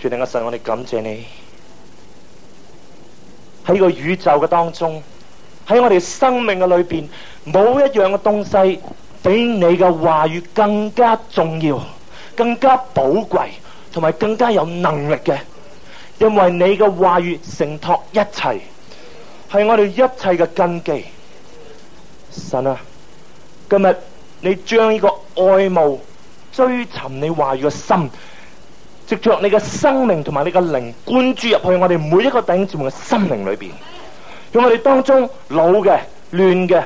主定嘅神，我哋感謝你喺個宇宙嘅當中，喺我哋生命嘅裏邊，冇一樣嘅東西比你嘅話語更加重要、更加寶貴同埋更加有能力嘅，因為你嘅話語承托一切，係我哋一切嘅根基。神啊，今日你將呢個愛慕、追尋你話語嘅心。藉着你嘅生命同埋你嘅靈，灌注入去我哋每一個弟兄姊妹嘅心靈裏邊，喺我哋當中老嘅、亂嘅、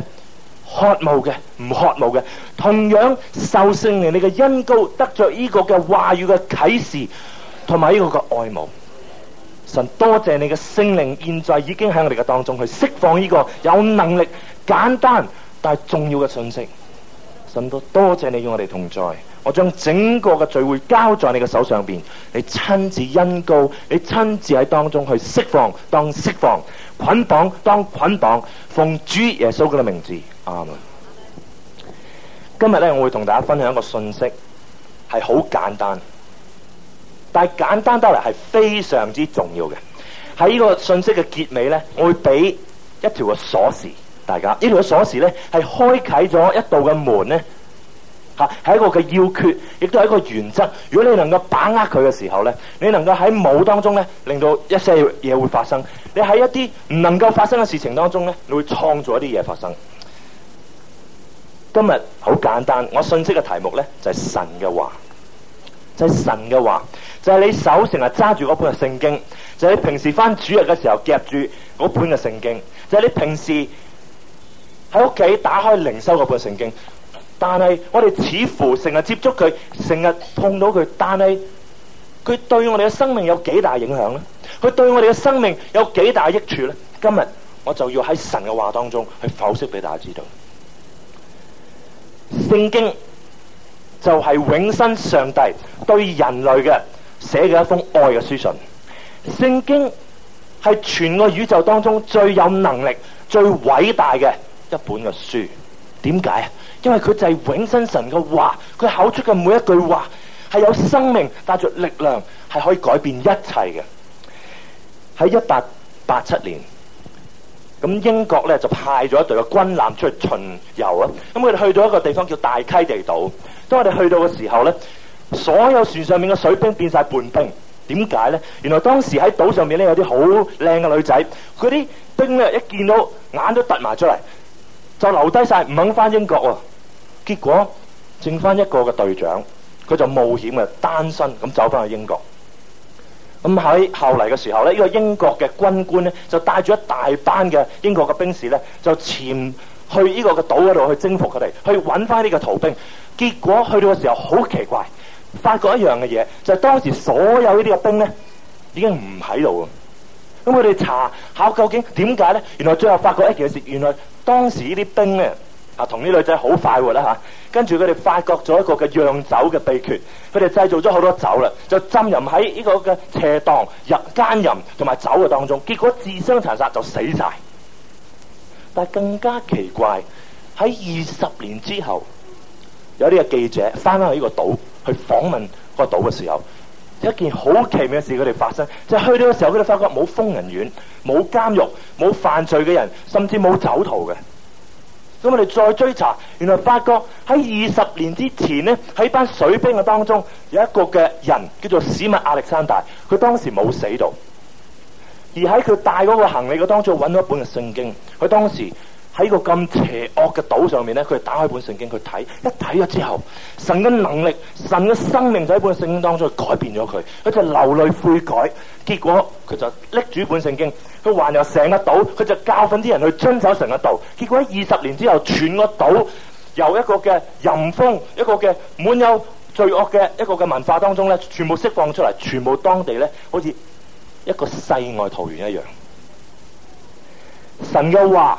渴慕嘅、唔渴慕嘅，同樣受聖靈你嘅恩膏，得着呢個嘅話語嘅啟示，同埋呢個嘅愛慕。神多謝你嘅聖靈，現在已經喺我哋嘅當中去釋放呢個有能力、簡單但係重要嘅信息。神多多謝你與我哋同在。我將整個嘅聚會交在你嘅手上邊，你親自恩膏，你親自喺當中去釋放，當釋放捆綁，當捆綁，奉主耶穌嘅名字，阿門。今日呢，我會同大家分享一個信息，係好簡單，但係簡單得嚟係非常之重要嘅。喺呢個信息嘅結尾呢，我會俾一條嘅鎖匙，大家呢條嘅鎖匙呢，係開啟咗一道嘅門呢。吓，係一個嘅要訣，亦都係一個原則。如果你能夠把握佢嘅時候咧，你能夠喺冇當中咧，令到一些嘢會發生。你喺一啲唔能夠發生嘅事情當中咧，你會創造一啲嘢發生。今日好簡單，我信息嘅題目咧就係神嘅話，就係神嘅話，就係你手成日揸住嗰本嘅聖經，就係你平時翻主日嘅時候夾住嗰本嘅聖經，就係你平時喺屋企打開靈修嗰本聖經。但係我哋似乎成日接觸佢，成日碰到佢，但係佢對我哋嘅生命有幾大影響呢？佢對我哋嘅生命有幾大益處呢？今日我就要喺神嘅話當中去剖析俾大家知道，聖經就係永生上帝對人類嘅寫嘅一封愛嘅書信。聖經係全個宇宙當中最有能力、最偉大嘅一本嘅書。點解？因為佢就係永生神嘅話，佢口出嘅每一句話係有生命帶著力量，係可以改變一切嘅。喺一八八七年，咁英國咧就派咗一隊嘅軍艦出去巡遊啊！咁佢哋去到一個地方叫大溪地島。當我哋去到嘅時候咧，所有船上面嘅水兵變晒叛兵。點解咧？原來當時喺島上面咧有啲好靚嘅女仔，嗰啲兵咧一見到眼都凸埋出嚟，就留低晒唔肯翻英國喎。結果剩翻一個嘅隊長，佢就冒險嘅單身咁走翻去英國。咁喺後嚟嘅時候咧，呢個英國嘅軍官咧就帶住一大班嘅英國嘅兵士咧，就潛去呢個嘅島嗰度去征服佢哋，去揾翻呢個逃兵。結果去到嘅時候好奇怪，發覺一樣嘅嘢，就係當時所有呢啲嘅兵咧已經唔喺度。咁佢哋查考究竟點解咧？原來最後發覺一件事，原來當時呢啲兵咧，啊，同啲女仔好快活啦吓，跟住佢哋發覺咗一個嘅釀酒嘅秘訣，佢哋製造咗好多酒啦，就浸淫喺呢個嘅斜檔入奸淫同埋酒嘅當中，結果自相殘殺就死曬。但係更加奇怪，喺二十年之後，有啲嘅記者翻返去呢個島去訪問個島嘅時候，有一件好奇妙嘅事佢哋發生，即係去到嘅時候，佢哋發覺冇瘋人院、冇監獄、冇犯罪嘅人，甚至冇酒徒嘅。咁我哋再追查，原來發覺喺二十年之前呢，在喺班水兵嘅當中有一個嘅人叫做史密亞歷山大，佢當時冇死到，而喺佢帶嗰個行李嘅當中搵到一本聖經，佢當時，喺個咁邪惡嘅島上面咧，佢就打開本聖經去睇，一睇咗之後，神嘅能力、神嘅生命就喺本聖經當中改變咗佢，佢就流淚悔改，結果佢就拎住本聖經，佢環遊成個島，佢就教訓啲人去遵守神嘅道，結果喺二十年之後，全個島由一個嘅淫風、一個嘅滿有罪惡嘅一個嘅文化當中咧，全部釋放出嚟，全部當地咧，好似一個世外桃源一樣。神又話。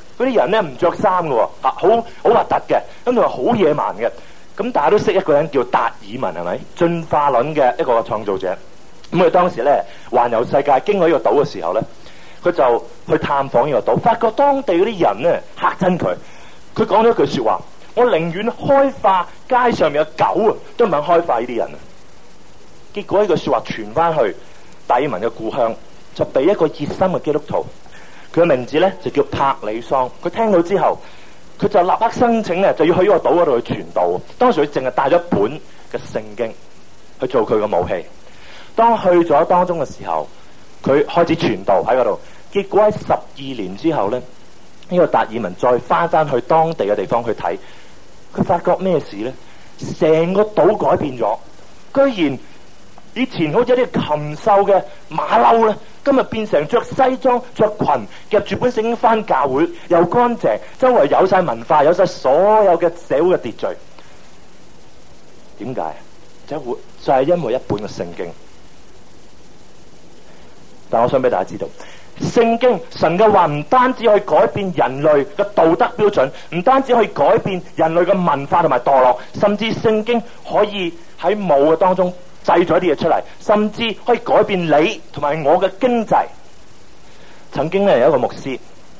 嗰啲人咧唔着衫㗎，吓好好核突嘅。咁佢話好野蠻嘅。咁大家都識一個人叫達爾文係咪？進化論嘅一個創造者，咁佢當時咧環遊世界，經過呢個島嘅時候咧，佢就去探訪呢個島，發覺當地嗰啲人咧嚇親佢，佢講咗一句說話：我寧願開化街上面嘅狗啊，都唔肯開化呢啲人啊！結果呢句說話傳翻去達爾文嘅故鄉，就俾一個熱心嘅基督徒。佢嘅名字咧就叫帕里桑，佢聽到之後，佢就立刻申請咧就要去呢個島嗰度去傳道。當時佢淨係帶咗一本嘅聖經去做佢嘅武器。當去咗當中嘅時候，佢開始傳道喺嗰度。結果喺十二年之後咧，呢個達爾文再翻返去當地嘅地方去睇，佢發覺咩事咧？成個島改變咗，居然以前好似一啲禽獸嘅馬騮咧。今日變成着西裝、着裙、夾住本聖經返教會，又乾淨，周圍有晒文化，有晒所有嘅社會嘅秩序。點解？就係就係因為一本嘅聖經。但我想俾大家知道，聖經神嘅話唔單止可以改變人類嘅道德標準，唔單止可以改變人類嘅文化同埋墮落，甚至聖經可以喺冇嘅當中。製咗啲嘢出嚟，甚至可以改變你同埋我嘅經濟。曾經呢，有一個牧師，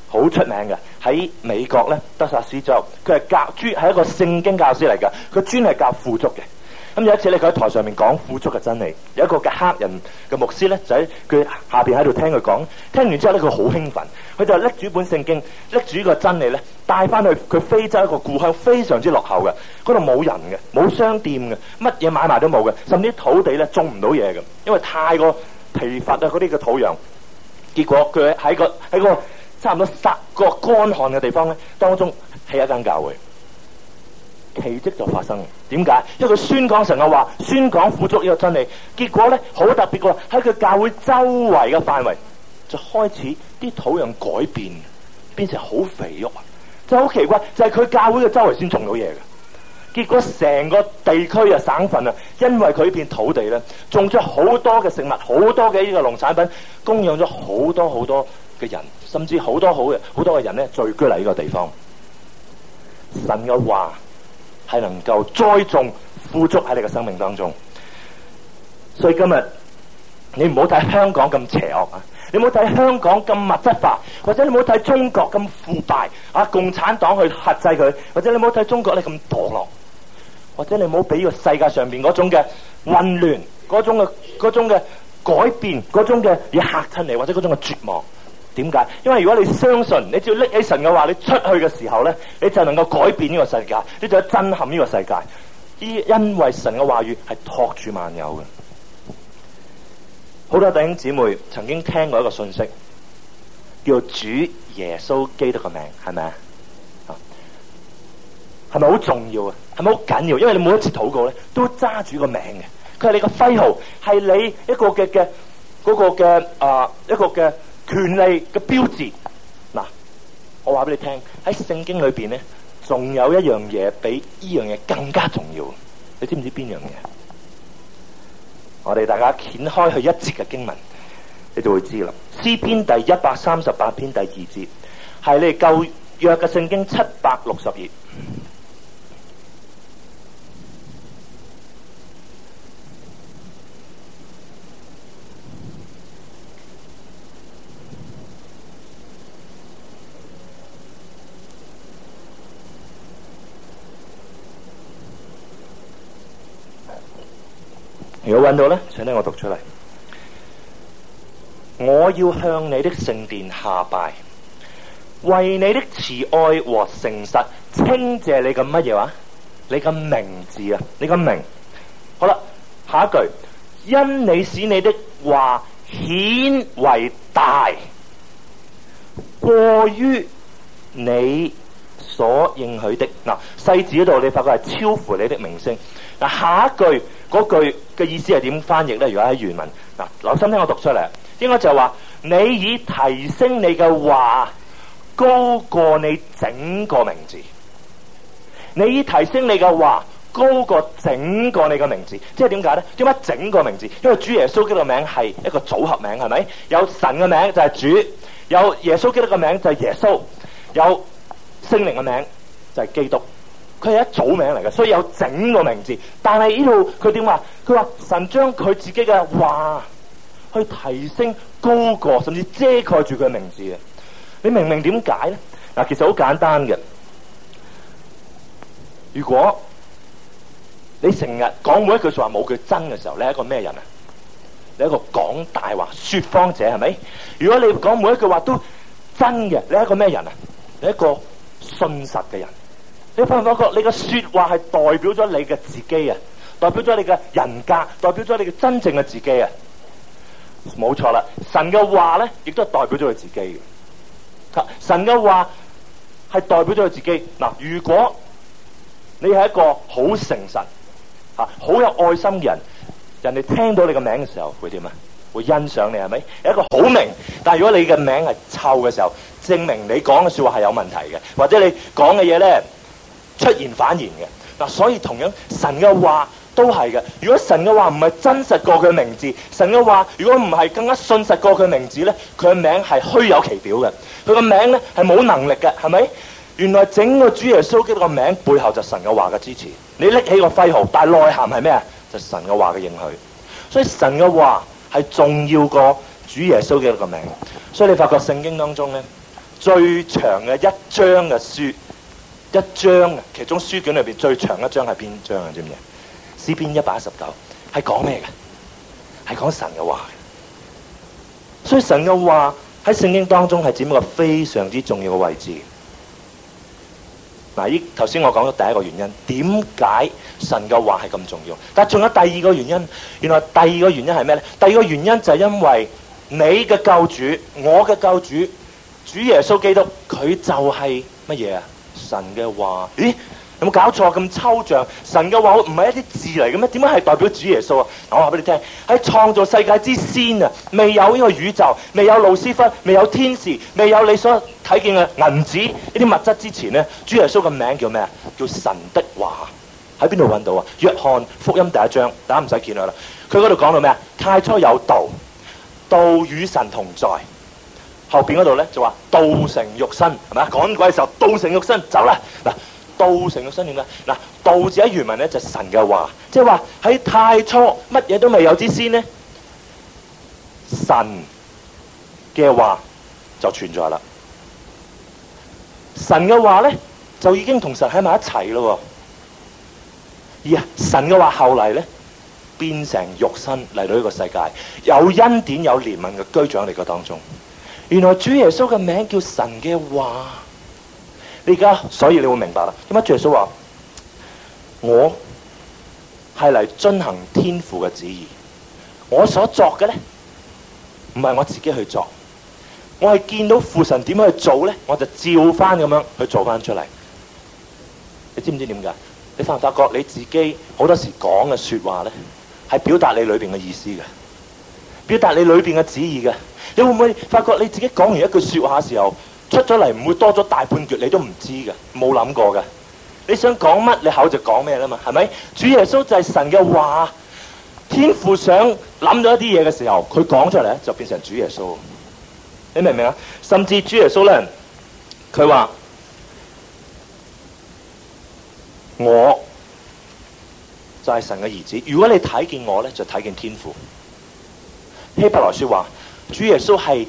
好出名嘅喺美國德薩斯州，佢係教專係一個聖經教師嚟嘅，佢專係教富足嘅。咁有一次咧，佢喺台上面講富足嘅真理，有一個嘅黑人嘅牧師咧，就喺佢下邊喺度聽佢講。聽完之後咧，佢好興奮，佢就拎住本聖經，拎住呢個真理咧，帶翻去佢非洲一個故鄉，非常之落後嘅，嗰度冇人嘅，冇商店嘅，乜嘢買賣都冇嘅，甚至土地咧種唔到嘢嘅，因為太過疲乏啊嗰啲嘅土壤。結果佢喺、嗰個喺個差唔多十、嗰個乾旱嘅地方咧，當中起一間教會。奇蹟就發生嘅，點解？因為佢宣講神嘅話，宣講富足呢個真理，結果咧好特別嘅，喺佢教會周圍嘅範圍，就開始啲土壤改變，變成好肥沃，就好奇怪，就係佢教會嘅周圍先種到嘢嘅。結果成個地區啊、省份啊，因為佢呢片土地咧，種咗好多嘅食物，好多嘅呢個農產品，供養咗好多好多嘅人，甚至好多好嘅好多嘅人咧，聚居嚟呢個地方。神嘅話係能夠栽種富足喺你嘅生命當中，所以今日你唔好睇香港咁邪惡啊！你唔好睇香港咁物質化，或者你唔好睇中國咁腐敗啊！共產黨去壓制佢，或者你唔好睇中國你咁墮落，或者你唔好俾個世界上面嗰種嘅混亂、嗰種嘅、嗰種嘅改變、嗰種嘅要嚇親你，或者嗰種嘅絕望。點解？因為如果你相信，你只要拎起神嘅話，你出去嘅時候咧，你就能夠改變呢個世界，你就能震撼呢個世界。依因為神嘅話語係托住萬有嘅。好多弟兄姊妹曾經聽過一個信息，叫主耶穌基督嘅名，係咪啊？係咪好重要啊？係咪好緊要？因為你每一次禱告咧，都揸住個名嘅，佢係你嘅徽號，係你一個嘅嘅、嗰個嘅啊一個嘅。權利嘅標誌，嗱，我話俾你聽喺聖經裏邊呢，仲有一樣嘢比呢樣嘢更加重要。你知唔知邊樣嘢？我哋大家掀開去一節嘅經文，你就會知啦。詩篇第一百三十八篇第二節係你哋舊約嘅聖經七百六十頁。有揾到呢，請聽我讀出嚟。我要向你的聖殿下拜，為你的慈愛和誠實，稱謝你嘅乜嘢話？你嘅名字啊，你嘅名。好啦，下一句，因你使你的話顯為大，過於你所應許的。嗱，細字嗰度你發覺係超乎你的名聲。嗱，下一句。嗰句嘅意思係點翻譯咧？如果喺原文，嗱，留心聽我讀出嚟。應該就係話：你以提升你嘅話高過你整個名字。你以提升你嘅話高過整個你嘅名字。即係點解咧？點解整個名字？因為主耶穌基督嘅名係一個組合名，係咪？有神嘅名就係主，有耶穌基督嘅名就係耶穌，有聖靈嘅名就係基督。佢係一組名嚟嘅，所以有整個名字。但係呢度佢點話？佢話神將佢自己嘅話去提升高過，甚至遮蓋住佢嘅名字嘅。你明唔明點解咧？嗱，其實好簡單嘅。如果你成日講每一句說話冇佢真嘅時候，你係一個咩人啊？你係一個講大話、說謊者係咪？如果你講每一句話都真嘅，你係一個咩人啊？你一個信實嘅人。你發唔發覺？你嘅說話係代表咗你嘅自己啊，代表咗你嘅人格，代表咗你嘅真正嘅自己啊。冇錯啦，神嘅話咧，亦都係代表咗佢自己嘅，啊。神嘅話係代表咗佢自己。嗱、啊，如果你係一個好誠實、吓、啊、好有愛心嘅人，人哋聽到你嘅名嘅時候會點啊？會欣賞你係咪？有一個好名，但係如果你嘅名係臭嘅時候，證明你講嘅說話係有問題嘅，或者你講嘅嘢咧。出言反言嘅嗱，所以同樣神嘅話都係嘅。如果神嘅話唔係真實過佢名字，神嘅話如果唔係更加信實過佢名，名，名字呢，佢嘅名係虛有其表嘅。佢個名呢係冇能力嘅，係咪？原來整個主耶穌基督嘅名背後就是神嘅話嘅支持。你拎起個徽號，但係內涵係咩啊？就是、神嘅話嘅應許。所以神嘅話係重要過主耶穌基督嘅名。所以你發覺聖經當中呢，最長嘅一章嘅書。一章，其中書卷裏邊最長一章係邊章啊？知唔知？詩篇一百一十九係講咩㗎？係講神嘅話。所以神嘅話喺聖經當中係佔一個非常之重要嘅位置。嗱，依頭先我講咗第一個原因，點解神嘅話係咁重要？但係仲有第二個原因，原來第二個原因係咩咧？第二個原因就係因為你嘅救主，我嘅救主，主耶穌基督，佢就係乜嘢啊？神嘅話，咦，有冇搞錯？咁抽象？神嘅話唔係一啲字嚟嘅咩？點解係代表主耶穌啊？嗱，我話俾你聽，喺創造世界之先啊，未有呢個宇宙，未有路斯弗，未有天使，未有你所睇見嘅銀子銀紙呢啲物質之前呢，主耶穌嘅名叫咩？叫神的話，喺邊度搵到啊？約翰福音第一章，大家唔使見佢啦。佢嗰度講到咩啊？太初有道，道與神同在。後邊嗰度咧就話道成肉身，係咪啊？趕鬼嘅時候，道成肉身走啦嗱。道成肉身點解？嗱，道字喺原文咧就是神嘅話，即係話喺太初乜嘢都未有之先呢，神嘅話就存在啦。神嘅話咧就已經同神喺埋一齊咯。而神嘅話後嚟咧變成肉身嚟到呢個世界，有恩典有憐憫嘅居長嚟呢個當中。原來主耶穌嘅名叫神嘅話，你現在，而家所以你會明白啦。點解主耶穌話我係嚟進行天父嘅旨意？我所作嘅呢，唔係我自己去做。我係見到父神點樣去做呢，我就照返咁樣去做返出嚟。你知唔知點解？你發唔發覺你自己好多時講嘅說的話呢，係表達你裏面嘅意思嘅，表達你裏面嘅旨意的.你會唔會發覺你自己講完一句說話嘅時候，出咗嚟唔會多咗大半句你都唔知嘅，冇諗過嘅。你想講乜，你口就講咩麼嘛，係咪？主耶穌就係神嘅話，天父想諗咗一啲嘢嘅時候，佢講出嚟就變成主耶穌。你明唔明？甚至主耶穌呢，佢話我就係神嘅兒子，如果你睇見我呢，就睇見天父。希伯來說話。主耶穌係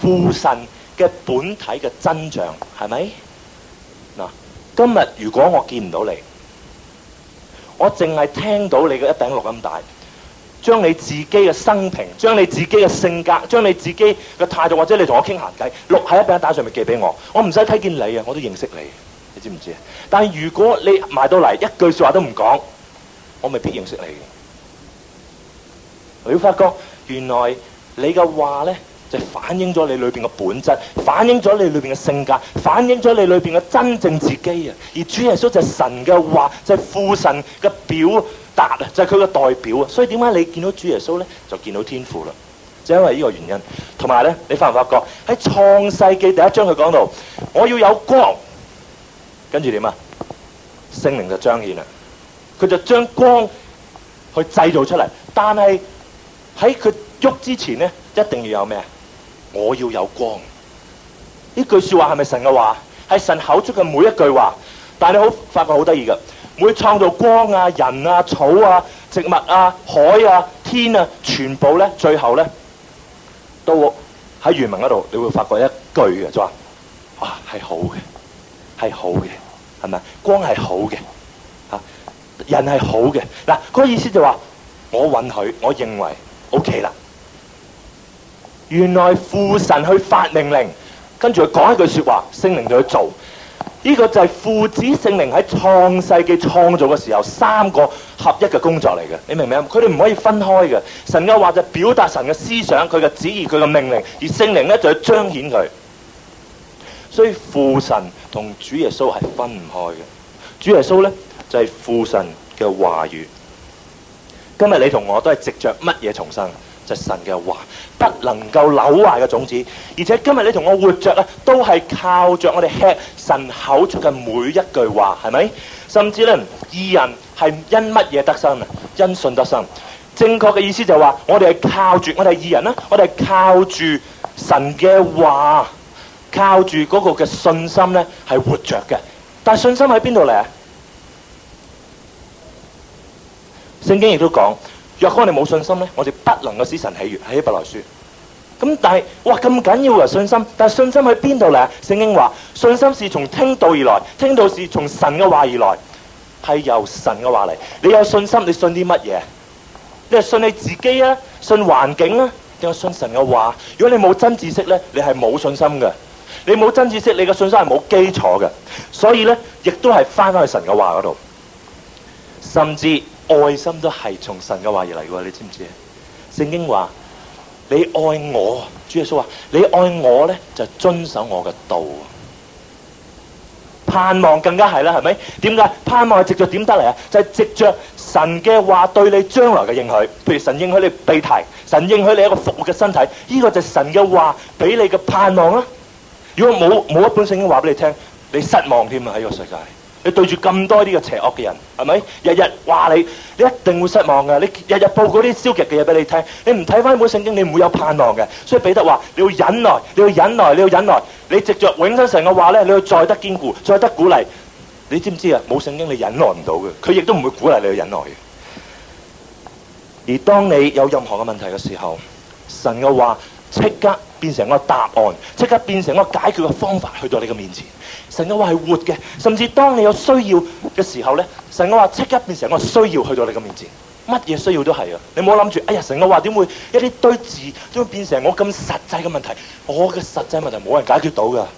父神嘅本體嘅真像，係咪嗱？今日如果我見唔到你，我淨係聽到你嘅一頂錄音帶，將你自己嘅生平、將你自己嘅性格、將你自己嘅態度，或者你同我傾閒偈，錄喺一餅打上面寄俾我，我唔使睇見你啊，我都認識你，你知唔知啊？但係如果你埋到嚟一句說話都唔講，我未必認識你嘅。你會發覺原來。你嘅話咧就係反映咗你裏邊嘅本質，反映咗你裏邊嘅性格，反映咗你裏邊嘅真正自己啊！而主耶穌就係神嘅話，就係父神嘅表達啊，就係佢嘅代表啊！所以點解你見到主耶穌咧，就見到天父啦？就係因為呢個原因。同埋咧，你發唔發覺喺創世記第一章佢講到，我要有光，跟住點啊？聖靈就彰顯啦，佢就將光去製造出嚟，但係喺佢。喐之前咧，一定要有咩？我要有光。呢句說話係咪神嘅話？係神口出嘅每一句話。但係你好發覺好得意㗎，每創造光啊、人啊、草啊、植物啊、海啊、天啊，全部咧，最後咧，都喺原文嗰度，你會發覺一句嘅就話：啊係好嘅，係好嘅，係咪？光係好嘅，吓人係好嘅。嗱，個意思就話我允許，我認為 OK 啦。原來父神去發命令，跟住佢講一句說話，聖靈就去做。呢、呢個就係父子聖靈喺創世記創造嘅時候三個合一嘅工作嚟嘅，你明唔明啊？佢哋唔可以分開嘅。神嘅話就，就表達神嘅思想、佢嘅旨意、佢嘅命令，而聖靈咧就去彰顯佢。所以父神同主耶穌係分唔開嘅。主耶穌呢，就係、是、父神嘅話語。今日你同我都係藉着乜嘢重生？神嘅話，不能夠扭壞嘅種子，而且今日你同我活着咧，都係靠著我哋吃神口出嘅每一句話，係咪？甚至咧，義人係因乜嘢得生啊？因信得生。正確嘅意思就係話，我哋係靠住我哋義人啦，我哋係、啊、靠住神嘅話，靠住嗰個嘅信心咧係活着嘅。但係信心喺邊度嚟啊？聖經亦都講。若果你冇信心呢，我哋不能夠使神喜悦，喺希伯來書咁但係，哇咁緊要嘅信心！但係信心喺邊度嚟啊？聖經話信心是從聽道而來，聽道是從神嘅話而來，係由神嘅話嚟。你有信心，你信啲乜嘢？你係信你自己啊？信環境啊？定係信神嘅話？如果你冇真知識呢，你係冇信心嘅。你冇真知識，你嘅信心係冇基礎嘅。所以呢，亦都係翻翻去神嘅話嗰度，甚至。愛心都係從神嘅話而嚟嘅喎，你知唔知啊？聖經話你愛我，主耶穌話你愛我咧，就是、遵守我嘅道。盼望更加係啦，係咪？點解盼望係藉着點得嚟啊？就係、是、藉着神嘅話對你將來嘅應許，譬如神應許你被提，神應許你一個復活嘅身體，呢、這個就係神嘅話俾你嘅盼望啦。如果冇冇一本聖經話俾你聽，你失望添啊！喺個世界。你對住咁多呢個邪惡嘅人，係咪日日話你？你一定會失望嘅。你日日報告啲消極嘅嘢俾你聽，你唔睇翻本聖經，你唔會有盼望嘅。所以彼得話：你要忍耐，你要忍耐，你要忍耐。你藉着永生神嘅話咧，你要再得堅固，再得鼓勵。你知唔知啊？冇聖經你忍耐唔到嘅，佢亦都唔會鼓勵你去忍耐嘅。而當你有任何嘅問題嘅時候，神嘅話即刻變成個答案，即刻變成個解決嘅方法，去到你嘅面前。神嘅話係活嘅，甚至當你有需要嘅時候呢，神嘅話即刻變成個需要去到你嘅面前，乜嘢需要都係啊！你唔好諗住，哎呀，神嘅話點會一啲堆字，點會變成我咁實際嘅問題？我嘅實際問題冇人解決到噶，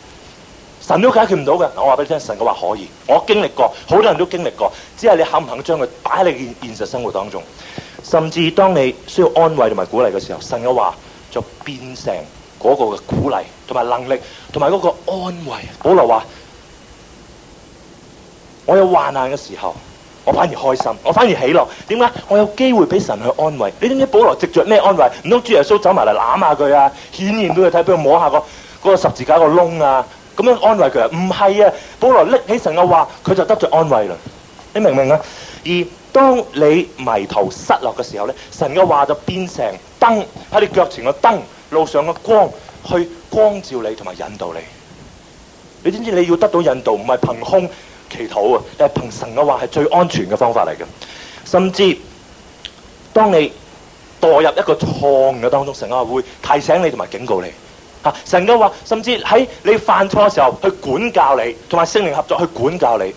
神都解決唔到嘅。我話俾你聽，神嘅話可以，我經歷過，好多人都經歷過，只係你肯唔肯將佢擺喺你現現實生活當中。甚至當你需要安慰同埋鼓勵嘅時候，神嘅話就變成嗰個嘅鼓勵同埋能力同埋嗰個安慰保留話。我有患難嘅時候，我反而開心，我反而喜樂。點解？我有機會俾神去安慰。你知唔知保羅藉着咩安慰？唔通主耶穌走埋嚟攬下佢啊，顯現俾佢睇，俾佢摸下個嗰個十字架個窿啊，咁樣安慰佢啊？唔係啊，保羅拎起神嘅話，佢就得着安慰啦。你明唔明啊？而當你迷途失落嘅時候咧，神嘅話就變成燈喺你腳前個燈，路上嘅光，去光照你同埋引導你。你知唔知你要得到引導，唔係憑空？祈禱啊！但係憑神嘅話係最安全嘅方法嚟嘅，甚至當你墮入一個錯誤嘅當中，神嘅話會提醒你同埋警告你。吓、啊，神嘅話甚至喺你犯錯嘅時候去管教你，同埋聖靈合作去管教你。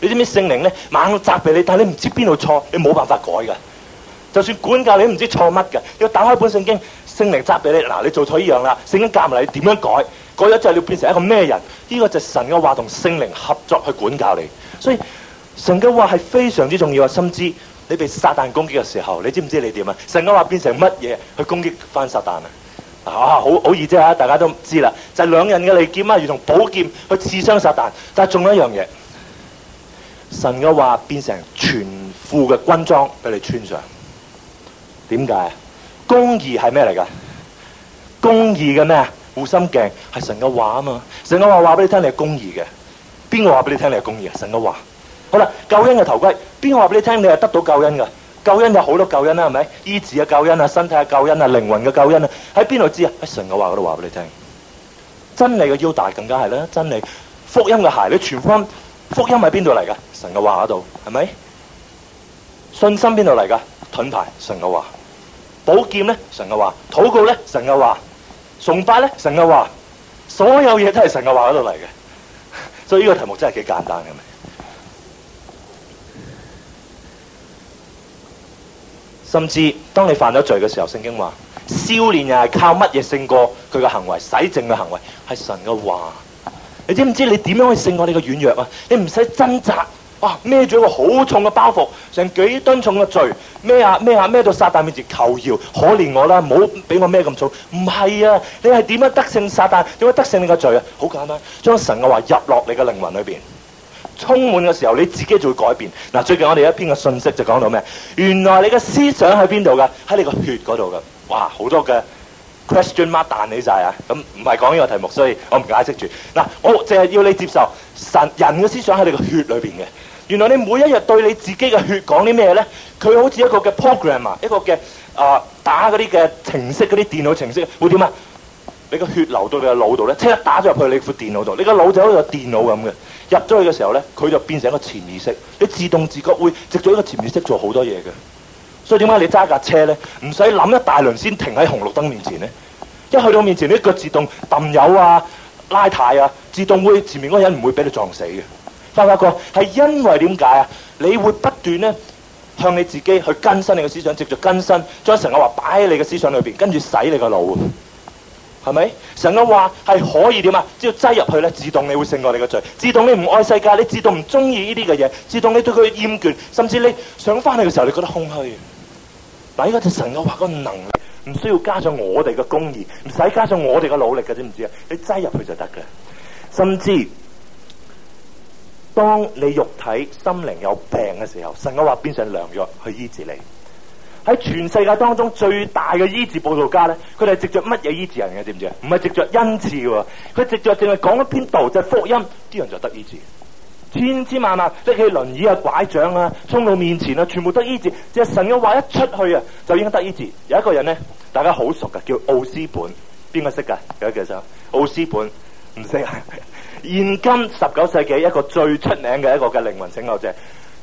你知唔知聖靈咧猛咁責備你，但係你唔知邊度錯，你冇辦法改嘅。就算管教你唔知錯乜嘅，要打開本聖經，聖靈責備你，嗱，你做錯呢樣啦，聖經教埋你點樣改。嗰一隻你變成一個咩人？呢個就係神嘅話同聖靈合作去管教你，所以神嘅話係非常之重要啊！甚至你被撒旦攻擊嘅時候，你知唔知你點啊？神嘅話變成乜嘢去攻擊翻撒旦啊？啊，好好易啫！吓，大家都知啦，就係兩人嘅利劍啊，如同寶劍去刺傷撒旦。但係仲有一樣嘢，神嘅話變成全副嘅軍裝俾你穿上。點解啊？公義係咩嚟噶？公義嘅咩啊？護心鏡係神嘅話啊嘛，神嘅話話俾你聽你係公義嘅，邊個話俾你聽你係公義啊？神嘅話，好啦，救恩嘅頭盔，邊個話俾你聽你係得到救恩嘅？救恩有好多救恩啦，係咪？醫治嘅救恩啊，身體嘅救恩啊，靈魂嘅救恩啊，喺邊度知啊？喺、哎、神嘅話嗰度話俾你聽，真理嘅腰帶更加係啦，真理福音嘅鞋，你全方福音喺邊度嚟噶？神嘅話嗰度，係咪？信心邊度嚟噶？盾牌，神嘅話，寶劍咧，神嘅話，禱告咧，神嘅話。崇拜咧，神嘅話，所有嘢都係神嘅話嗰度嚟嘅，所以呢個題目真係幾簡單嘅。甚至當你犯咗罪嘅時候，聖經話，少年人係靠乜嘢勝過佢嘅行為，洗淨嘅行為，係神嘅話。你知唔知道你點樣可以勝過你嘅軟弱啊？你唔使掙扎。哇！孭住、啊、個好重嘅包袱，成幾噸重嘅罪，咩啊咩啊孭到撒旦面前求饒，可憐我啦，唔好俾我孭咁重。唔係啊，你係點樣得勝撒旦？點樣得勝你嘅罪啊？好簡單，將神嘅話入落你嘅靈魂裏邊，充滿嘅時候，你自己就會改變。嗱、啊，最近我哋一篇嘅信息就講到咩？原來你嘅思想喺邊度噶？喺你個血嗰度噶。哇，好多嘅 question mark 彈起晒啊！咁唔係講呢個題目，所以我唔解釋住。嗱、啊，我淨係要你接受神人嘅思想喺你個血裏邊嘅。原來你每一日對你自己嘅血講啲咩呢？佢好似一個嘅 programmer，一個嘅啊、呃、打嗰啲嘅程式嗰啲電腦程式會點啊？你個血流到你嘅腦度呢，即刻打咗入去你副電腦度。你個腦就好似個電腦咁嘅，入咗去嘅時候呢，佢就變成一個潛意識，你自動自覺會藉助一個潛意識做好多嘢嘅。所以點解你揸架車呢？唔使諗一大輪先停喺紅綠燈面前呢，一去到面前你腳自動揼油啊、拉呔啊，自動會前面嗰個人唔會俾你撞死嘅。發覺係因為點解啊？你會不斷咧向你自己去更新你嘅思想，接著更新，將神嘅話擺喺你嘅思想裏邊，跟住洗你個腦啊？係咪？神嘅話係可以點啊？只要擠入去咧，自動你會勝過你嘅罪，自動你唔愛世界，你自動唔中意呢啲嘅嘢，自動你對佢厭倦，甚至你想翻去嘅時候，你覺得空虛。嗱，呢個就神嘅話個能力，唔需要加上我哋嘅公義，唔使加上我哋嘅努力嘅，知唔知啊？你擠入去就得㗎，甚至。當你肉體心靈有病嘅時候，神嘅話變成良藥去醫治你。喺全世界當中最大嘅醫治佈道家咧，佢哋係藉着乜嘢醫治人嘅？知唔知？唔係藉着恩賜喎，佢藉着淨係講一篇道，就係福音，啲人就得醫治。千千萬萬，拎起輪椅啊、拐杖啊，衝到面前啊，全部得醫治。只係神嘅話一出去啊，就應得醫治。有一個人呢，大家好熟嘅，叫奧斯本，邊個識噶？有冇記者？奧斯本唔識啊。不現今十九世紀一個最出名嘅一個嘅靈魂拯救者，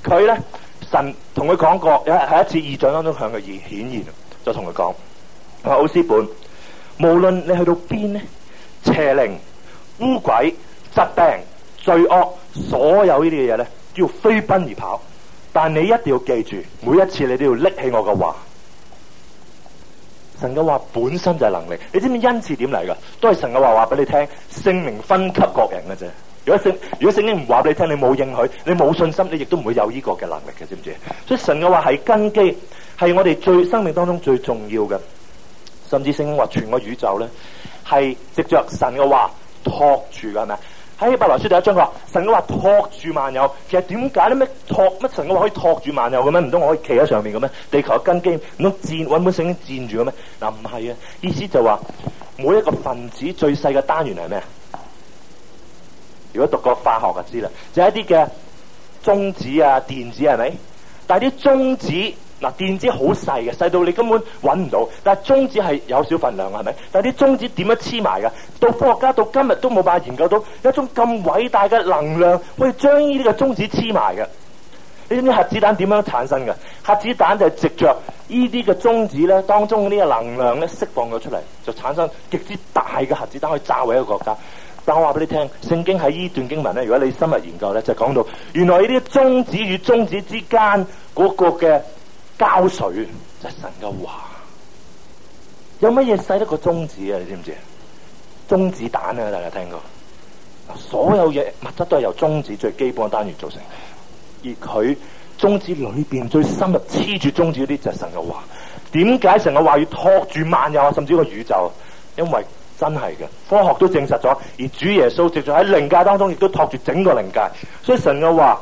佢呢神同佢講過喺一次異象當中向佢而顯現，就同佢講：老奧斯本，無論你去到邊咧，邪靈、污鬼、疾病、罪惡，所有呢啲嘢呢，都要飛奔而跑，但你一定要記住，每一次你都要拎起我嘅話。神嘅話本身就係能力，你知唔知恩賜點嚟噶？都係神嘅話話俾你聽，聖名分給各人嘅啫。如果聖如果聖經唔話俾你聽，你冇應許，你冇信心，你亦都唔會有呢個嘅能力嘅，知唔知？所以神嘅話係根基，係我哋最生命當中最重要嘅，甚至聖經話全個宇宙咧，係藉著神嘅話托住嘅，係咪啊？喺《希伯來、哎、書》第一章，佢話神嘅話托住萬有，其實點解咧？咩托？乜神嘅話可以托住萬有咁樣？唔通我可以企喺上面？嘅咩？地球嘅根基，唔通鍵搵本繩鍵住嘅咩？嗱唔係啊，意思就話、是、每一個分子最細嘅單元係咩？如果讀過化學就知啦，就係、一啲嘅中子啊、電子係咪？但係啲中子。嗱，電子好細嘅，細到你根本揾唔到。但係中子係有少份量，係咪？但係啲中子點樣黐埋嘅？到科學家到今日都冇辦法研究到有一種咁偉大嘅能量，可以將呢啲嘅中子黐埋嘅。你知唔知核子彈點樣產生嘅？核子彈就係藉著呢啲嘅中子咧，當中呢個嘅能量咧釋放咗出嚟，就產生極之大嘅核子彈去炸毀一個國家。但我話俾你聽，聖經喺呢段經文咧，如果你深入研究咧，就係講到原來呢啲中子與中子之間嗰個嘅。膠水就係，神嘅話，有乜嘢細得個中子啊？你知唔知道？中子彈啊！大家聽過？所有嘢物質都係由中子最基本嘅單元組成，而佢中子裏邊最深入黐住中子嗰啲就係神嘅話。點解神嘅話要托住萬有啊？甚至個宇宙？因為真係嘅，科學都證實咗。而主耶穌直接喺靈界當中，亦都托住整個靈界。所以神嘅話，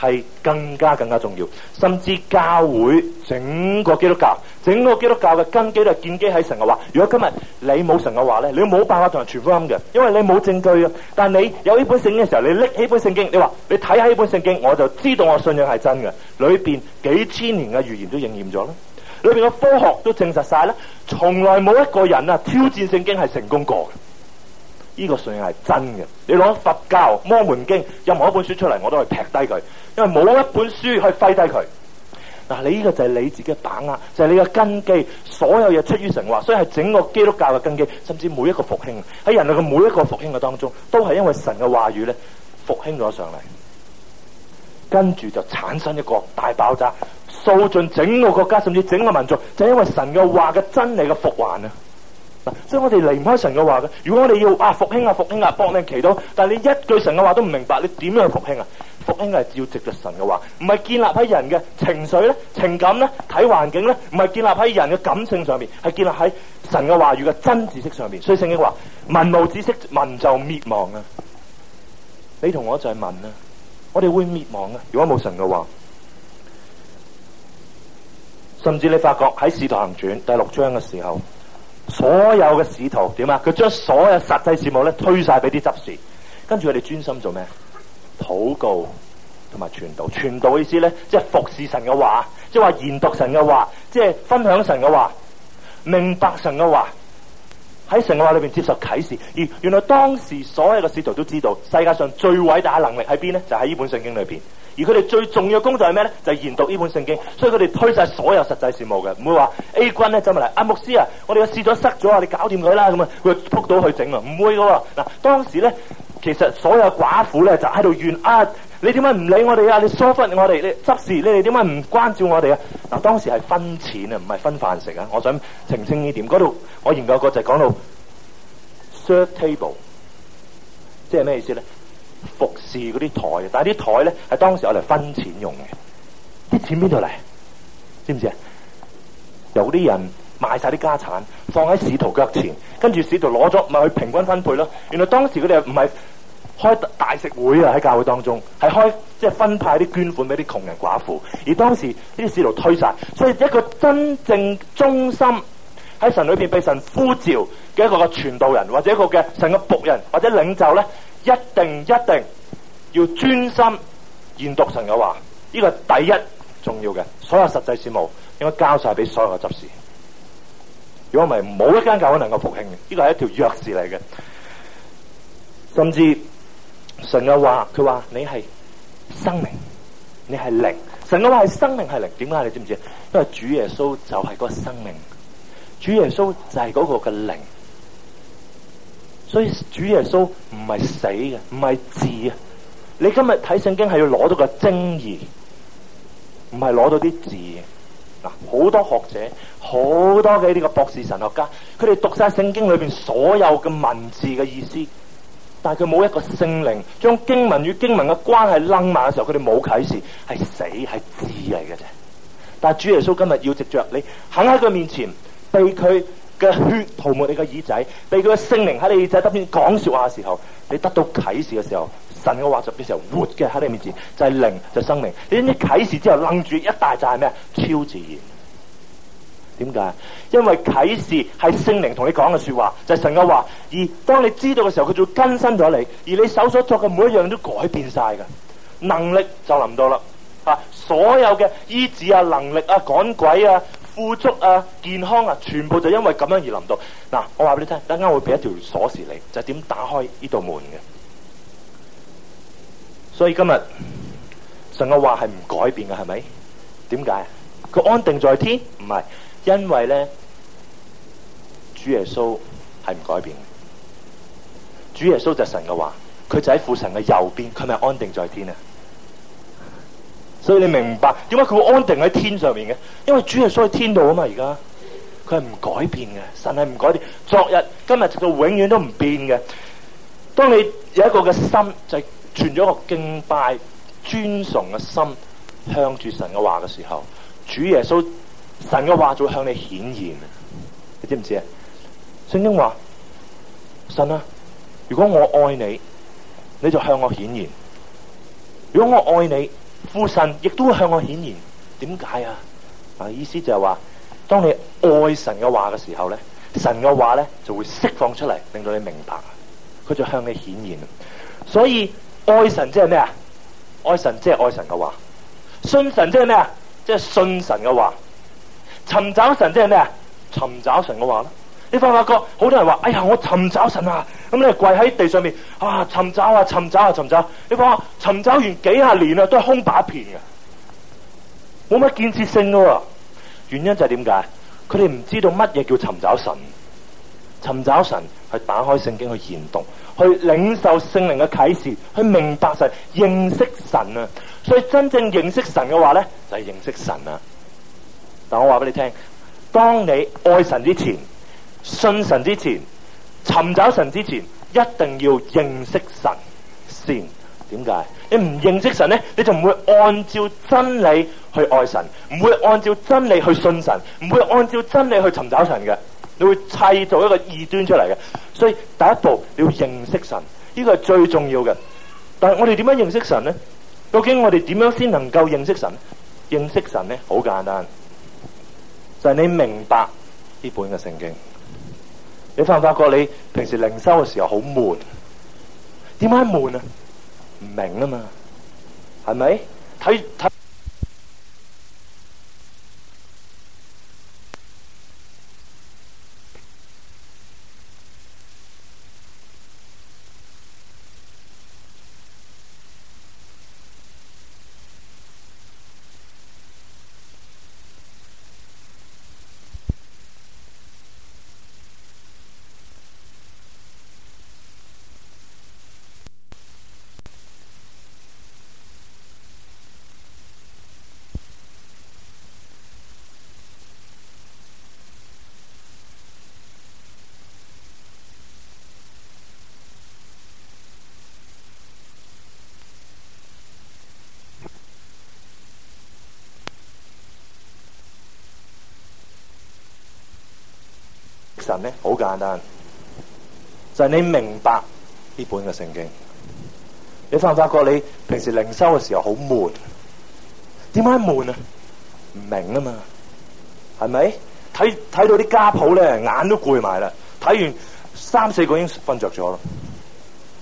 係更加更加重要，甚至教會整個基督教，整個基督教嘅根基都係建基喺神嘅話。如果今日你冇神嘅話咧，你都冇辦法同人傳福音嘅，因為你冇證據啊。但係你有呢本聖經嘅時候，你拎起本聖經，你話你睇下呢本聖經，我就知道我信仰係真嘅。裏邊幾千年嘅預言，都應驗咗啦，裏邊嘅科學都證實晒啦，從來冇一個人啊挑戰聖經係成功過嘅。呢個信係真嘅。你攞佛教《摩門經》任何一本書出嚟，我都係劈低佢，因為冇一本書去廢低佢。嗱、啊，你呢個就係你自己嘅把握，就係、是、你嘅根基。所有嘢出於神話，所以係整個基督教嘅根基，甚至每一個復興喺人類嘅每一個復興嘅當中，都係因為神嘅話語咧復興咗上嚟，跟住就產生一個大爆炸，掃盡整個國家，甚至整個民族，就是、因為神嘅話嘅真理嘅復還啊！即、啊、所以我哋離唔開神嘅話嘅。如果我哋要啊復興啊復興啊搏命祈禱，但係你一句神嘅話都唔明白，你點樣去復興啊？復興係照直着神嘅話，唔係建立喺人嘅情緒咧、情感咧、睇環境咧，唔係建立喺人嘅感性上面，係建立喺神嘅話語嘅真知識上面。所以聖經話：民冇知識，民就滅亡啊！你同我就係民啊，我哋會滅亡啊！如果冇神嘅話，甚至你發覺喺《使徒行傳》第六章嘅時候。所有嘅使徒點啊？佢將所有實際事務咧推晒俾啲執事，跟住佢哋專心做咩？禱告同埋傳道。傳道嘅意思咧，即係服侍神嘅話，即係話研讀神嘅話，即係分享神嘅話，明白神嘅話。喺成神話裏邊接受啟示，而原來當時所有嘅使徒都知道世界上最偉大嘅能力喺邊呢？就喺、是、呢本聖經裏邊。而佢哋最重要嘅工作係咩呢？就係、是、研讀呢本聖經，所以佢哋推晒所有實際事務嘅，唔會話 A 君咧進嚟阿牧師啊，我哋嘅廁所塞咗我哋搞掂佢啦咁啊，佢撲到去整啊，唔會噶喎。嗱，當時咧，其實所有寡婦呢，就喺度怨啊。你點解唔理我哋啊？你疏忽我哋，你執事，你哋點解唔關照我哋啊？嗱，當時係分錢啊，唔係分飯食啊！我想澄清呢點。嗰度我研究過就係講到 serve table，即係咩意思咧？服侍嗰啲台，但係啲台咧係當時我哋分錢用嘅。啲錢邊度嚟？知唔知啊？有啲人賣晒啲家產，放喺使徒腳前，跟住使徒攞咗，咪去平均分配咯。原來當時佢哋唔係。開大食會啊！喺教會當中係開，即係分派啲捐款俾啲窮人寡婦。而當時呢啲事務推晒，所以一個真正忠心喺神裏邊被神呼召嘅一個嘅傳道人，或者一個嘅神嘅僕人，或者領袖咧，一定一定要專心研讀神嘅話，呢個係第一重要嘅，所有實際事務應該交晒俾所有嘅執事。如果唔係，冇一間教會能夠復興嘅，呢個係一條弱事嚟嘅，甚至。神嘅話，佢話你係生命，你係靈。神嘅話係生命係靈，點解你知唔知？因為主耶穌就係嗰個生命，主耶穌就係嗰個嘅靈。所以主耶穌唔係死嘅，唔係字啊！你今日睇聖經係要攞到個精義，唔係攞到啲字的。嗱，好多學者，好多嘅呢個博士神學家，佢哋讀晒聖經裏邊所有嘅文字嘅意思。但係佢冇一個聖靈將經文與經文嘅關係楞埋嘅時候，佢哋冇啟示，係死係智嚟嘅啫。但係主耶穌今日要直著你，肯喺佢面前被佢嘅血塗抹你嘅耳仔，被佢嘅聖靈喺你耳仔一邊講說話嘅時候，你得到啟示嘅時候，神嘅話就嘅時候活嘅喺你面前，就係靈就係生命。你啲啟示之後楞住一大紮係咩？超自然。點解？因為啟示係聖靈同你講嘅說話，就係、是、神嘅話。而當你知道嘅時候，佢就會更新咗你。而你手所作嘅每一樣都改變晒㗎。能力就臨到啦，吓、啊、所有嘅醫治啊、能力啊、趕鬼啊、富足啊、健康啊，全部就因為咁樣而臨到。嗱、啊，我話俾你聽，等陣會俾一條鎖匙你，就點、是、打開呢道門嘅。所以今日神嘅話係唔改變嘅，係咪？點解？佢安定在天，唔係。因為咧，主耶穌係唔改變嘅。主耶穌就是神嘅話，佢就喺父神嘅右邊，佢咪安定在天啊？所以你明白點解佢會安定喺天上面嘅？因為主耶穌喺天度啊嘛，而家佢係唔改變嘅，神係唔改變，昨日、今日直到永遠都唔變嘅。當你有一個嘅心，就係存咗一個敬拜、尊崇嘅心，向住神嘅話嘅時候，主耶穌。神嘅話就會向你顯現。你知唔知啊？聖經話神啊，如果我愛你，你就向我顯現；如果我愛你，父神亦都會向我顯現。點解啊？啊，意思就係話，當你愛神嘅話嘅時候咧，神嘅話咧就會釋放出嚟，令到你明白，佢就向你顯現。所以愛神即係咩啊？愛神即係愛神嘅話；信神即係咩啊？即係信神嘅話。尋找神即係咩啊？尋找神嘅話咧，你發唔發覺好多人話：哎呀，我尋找神啊！咁咧跪喺地上面啊，尋找啊，尋找啊，尋找啊、尋找！你話尋找完幾十年啊，都係空把片嘅，冇乜建設性嘅。原因就係點解？佢哋唔知道乜嘢叫尋找神。尋找神係打開聖經去研讀，去領受聖靈嘅啟示，去明白神、認識神啊！所以真正認識神嘅話咧，就係認識神啊！我話俾你聽：當你愛神之前、信神之前、尋找神之前，一定要認識神先。點解？你唔認識神呢，你就唔會按照真理去愛神，唔會按照真理去信神，唔會按照真理去尋找神嘅。你會砌造一個異端出嚟嘅。所以第一步你要認識神，呢個係最重要嘅。但係我哋點樣認識神呢？究竟我哋點樣先能夠認識神？認識神呢，好簡單。但你明白呢本嘅聖經，你發唔發覺你平時靈修嘅時候好悶？點解悶啊？唔明啊嘛，係咪？睇睇。簡單就係、是、你明白呢本嘅聖經，你發唔發覺你平時靈修嘅時候好悶，點解悶啊？唔明啊嘛，係咪？睇睇到啲家譜咧，眼都攰埋啦。睇完三四個已經瞓着咗啦，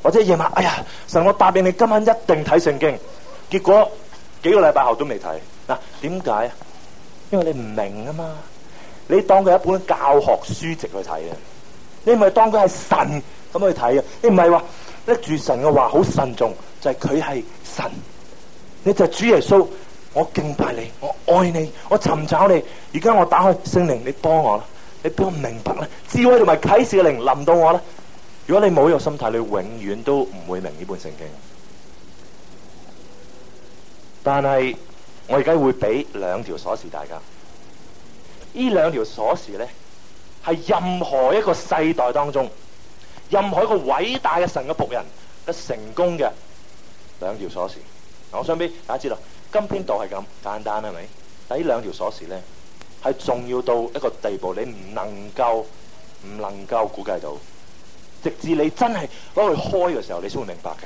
或者夜晚，哎呀，神我答應你今晚一定睇聖經，結果幾個禮拜後都未睇嗱，點解啊？因為你唔明啊嘛，你當佢一本教學書籍去睇啊。你唔係當佢係神咁去睇啊！你唔係話拎住神嘅話好慎重，就係佢係神。你就係主耶穌，我敬拜你，我愛你，我尋找你。而家我打開聖靈，你幫我啦，你幫我明白啦。智慧同埋啟示嘅靈臨到我啦。如果你冇呢個心態，你永遠都唔會明呢本聖經。但係我而家會俾兩條鎖匙大家兩條匙，這兩條呢兩條鎖匙咧。係任何一個世代當中，任何一個偉大嘅神嘅僕人嘅成功嘅兩條鎖匙，我想俾大家知道，今篇道係咁簡單係咪？但這兩條呢兩條鎖匙咧，係重要到一個地步你不，你唔能夠唔能夠估計到，直至你真係攞去開嘅時候，你先會明白嘅。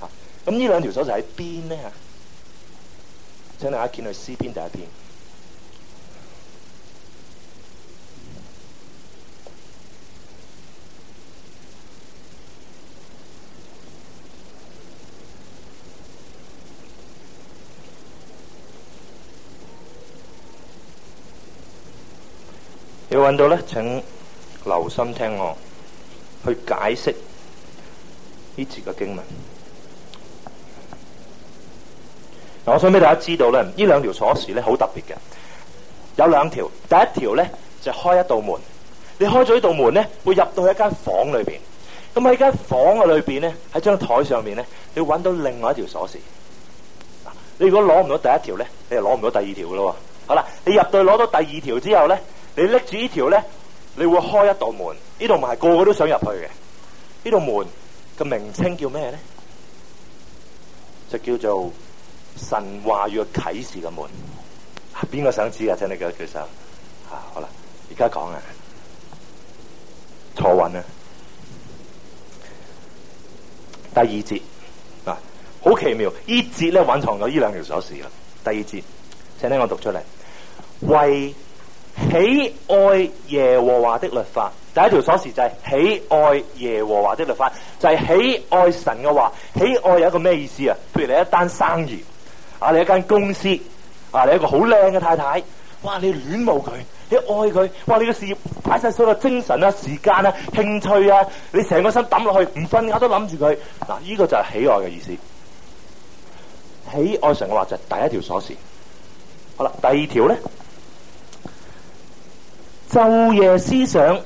吓、啊，咁呢兩條鎖匙喺邊呢？吓，請大家見去詩篇第一篇。你要揾到咧，請留心聽我去解釋呢次嘅經文。嗱，我想俾大家知道咧，呢兩條鎖匙咧好特別嘅，有兩條。第一條咧就是、開一道門，你開咗呢道門咧，會入到去一間房裏邊。咁喺間房嘅裏邊咧，喺張台上面咧，你搵到另外一條鎖匙。你如果攞唔到第一條咧，你就攞唔到第二條噶咯。好啦，你入到攞到第二條之後咧，你拎住呢條咧，你會開一道門，呢道門係個個都想入去嘅。呢道門嘅名稱叫咩咧？就叫做神話語啟示嘅門。邊個想知啊？請你舉舉手。吓，好啦，而家講啊，坐穩啊。第二節啊，好奇妙！呢節咧隱藏咗呢兩條鎖匙啦。第二節，請聽我讀出嚟，為。喜愛耶和華的律法，第一條鎖匙就係喜愛耶和華的律法，就係、是、喜愛神嘅話。喜愛有一個咩意思啊？譬如你一單生意，啊你一間公司，啊你一個好靚嘅太太，哇你戀慕佢，你愛佢，哇你嘅事業擺晒所有精神啊、時間啊、興趣啊，你成個身抌落去，唔瞓覺都諗住佢。嗱，呢、這個就係喜愛嘅意思。喜愛神嘅話就係第一條鎖匙。好啦，第二條咧。晝夜思想，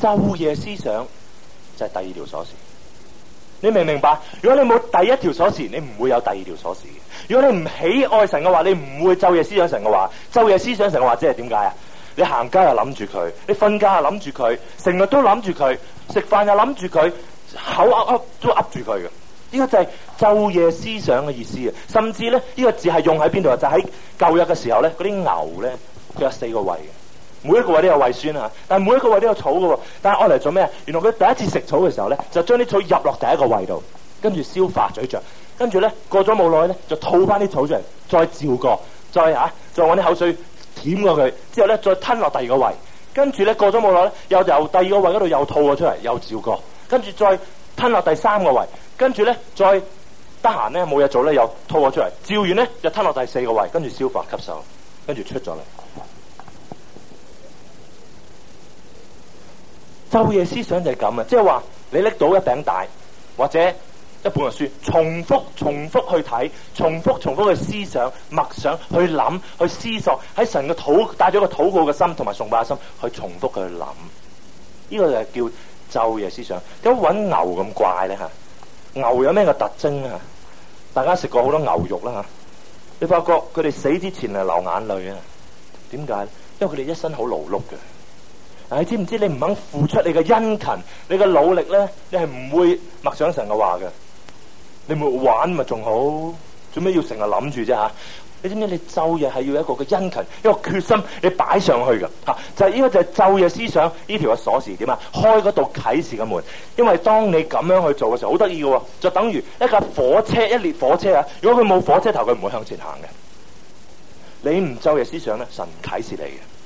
晝夜思想，就係第二條鎖匙。你明唔明白？如果你冇第一條鎖匙，你唔會有第二條鎖匙嘅。如果你唔喜愛神嘅話，你唔會晝夜思想神嘅話。晝夜思想神嘅話，即係點解啊？你行街又諗住佢，你瞓覺又諗住佢，成日都諗住佢，食飯又諗住佢，口噏噏都噏住佢嘅。呢個就係晝夜思想嘅意思嘅。甚至咧，呢個字係用喺邊度啊？就喺舊日嘅時候咧，嗰啲牛咧。四個胃嘅，每一個胃都有胃酸吓、啊，但係每一個胃都有草嘅、啊。但係我嚟做咩？原來佢第一次食草嘅時候咧，就將啲草入落第一個胃度，跟住消化咀嚼，跟住咧過咗冇耐咧，就吐翻啲草出嚟，再照過，再吓、啊，再用啲口水舔過佢，之後咧再吞落第二個胃，跟住咧過咗冇耐咧，又由第二個胃嗰度又吐咗出嚟，又照過，跟住再吞落第三個胃，跟住咧再得閒咧冇嘢做咧又吐咗出嚟，照完咧就吞落第四個胃，跟住消化吸收，跟住出咗嚟。晝夜思想就係咁啊，即係話你拎到一頂大或者一本嘅書，重複重複，重複去睇，重複重複去思想、默想、去諗、去思索，喺神嘅道，帶個禱帶咗個禱告嘅心同埋崇拜嘅心，去重複去諗。呢個就係叫晝夜思想。點解搵牛咁怪咧吓，牛有咩嘅特徵啊？大家食過好多牛肉啦吓，你發覺佢哋死之前係流眼淚啊？點解？因為佢哋一生好勞碌嘅。你知唔知你唔肯付出你嘅殷勤，你嘅努力咧，你係唔會默想神嘅話嘅。你唔玩咪仲好，做咩要成日諗住啫吓？你知唔知你晝夜係要一個嘅殷勤，一個決心你擺上去嘅吓、啊，就係呢個就係晝夜思想呢條嘅鎖匙點啊？開嗰道啟示嘅門。因為當你咁樣去做嘅時候，好得意嘅喎，就等於一架火車，一列火車啊！如果佢冇火車頭，佢唔會向前行嘅。你唔晝夜思想咧，神啟示你嘅。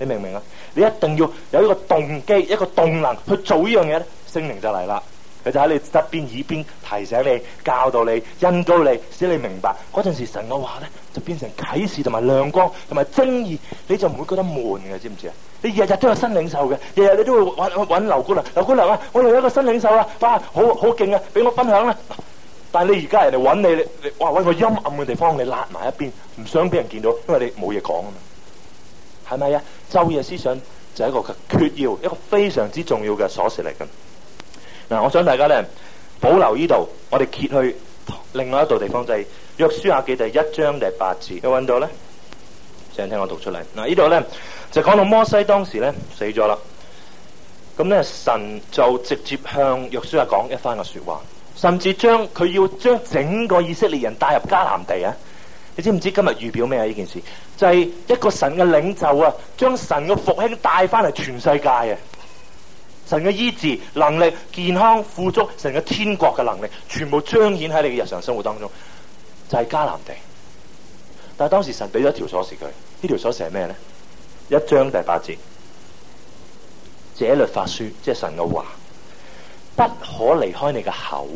你明唔明啊？你一定要有一個動機、一個動能去做呢樣嘢咧，聖靈就嚟啦，佢就喺你側邊耳邊提醒你、教導你、印到你，使你明白嗰陣時神嘅話咧，就變成啟示同埋亮光同埋真意，你就唔會覺得悶嘅，知唔知啊？你日日都有新領袖嘅，日日你都會揾揾劉姑娘、劉姑娘啊，我又有一個新領袖啦、啊，哇，好好勁啊，俾我分享啦、啊！但係你而家人哋揾你，你，你哇揾個陰暗嘅地方，你揦埋一邊，唔想俾人見到，因為你冇嘢講啊嘛。係咪啊？晝夜思想就係一個缺要，一個非常之重要嘅鎖匙嚟嘅。嗱、啊，我想大家咧保留依度，我哋揭去另外一度地方，就係、是、約書亞記第一章第八字。有冇揾到咧？請聽我讀出嚟。嗱、啊，依度咧就講到摩西當時咧死咗啦。咁咧神就直接向約書亞講一番嘅說話，甚至將佢要將整個以色列人帶入迦南地啊！你知唔知今日預表咩啊？呢件事就係一個神嘅領袖啊，將神嘅復興帶翻嚟全世界啊！神嘅醫治能力、健康、富足，成個天國嘅能力，全部彰顯喺你嘅日常生活當中，就係、是、迦南地。但係當時神俾咗一條鎖匙佢，條匙呢條鎖匙係咩咧？一章第八節：「這律法書，即係神嘅話，不可離開你嘅口，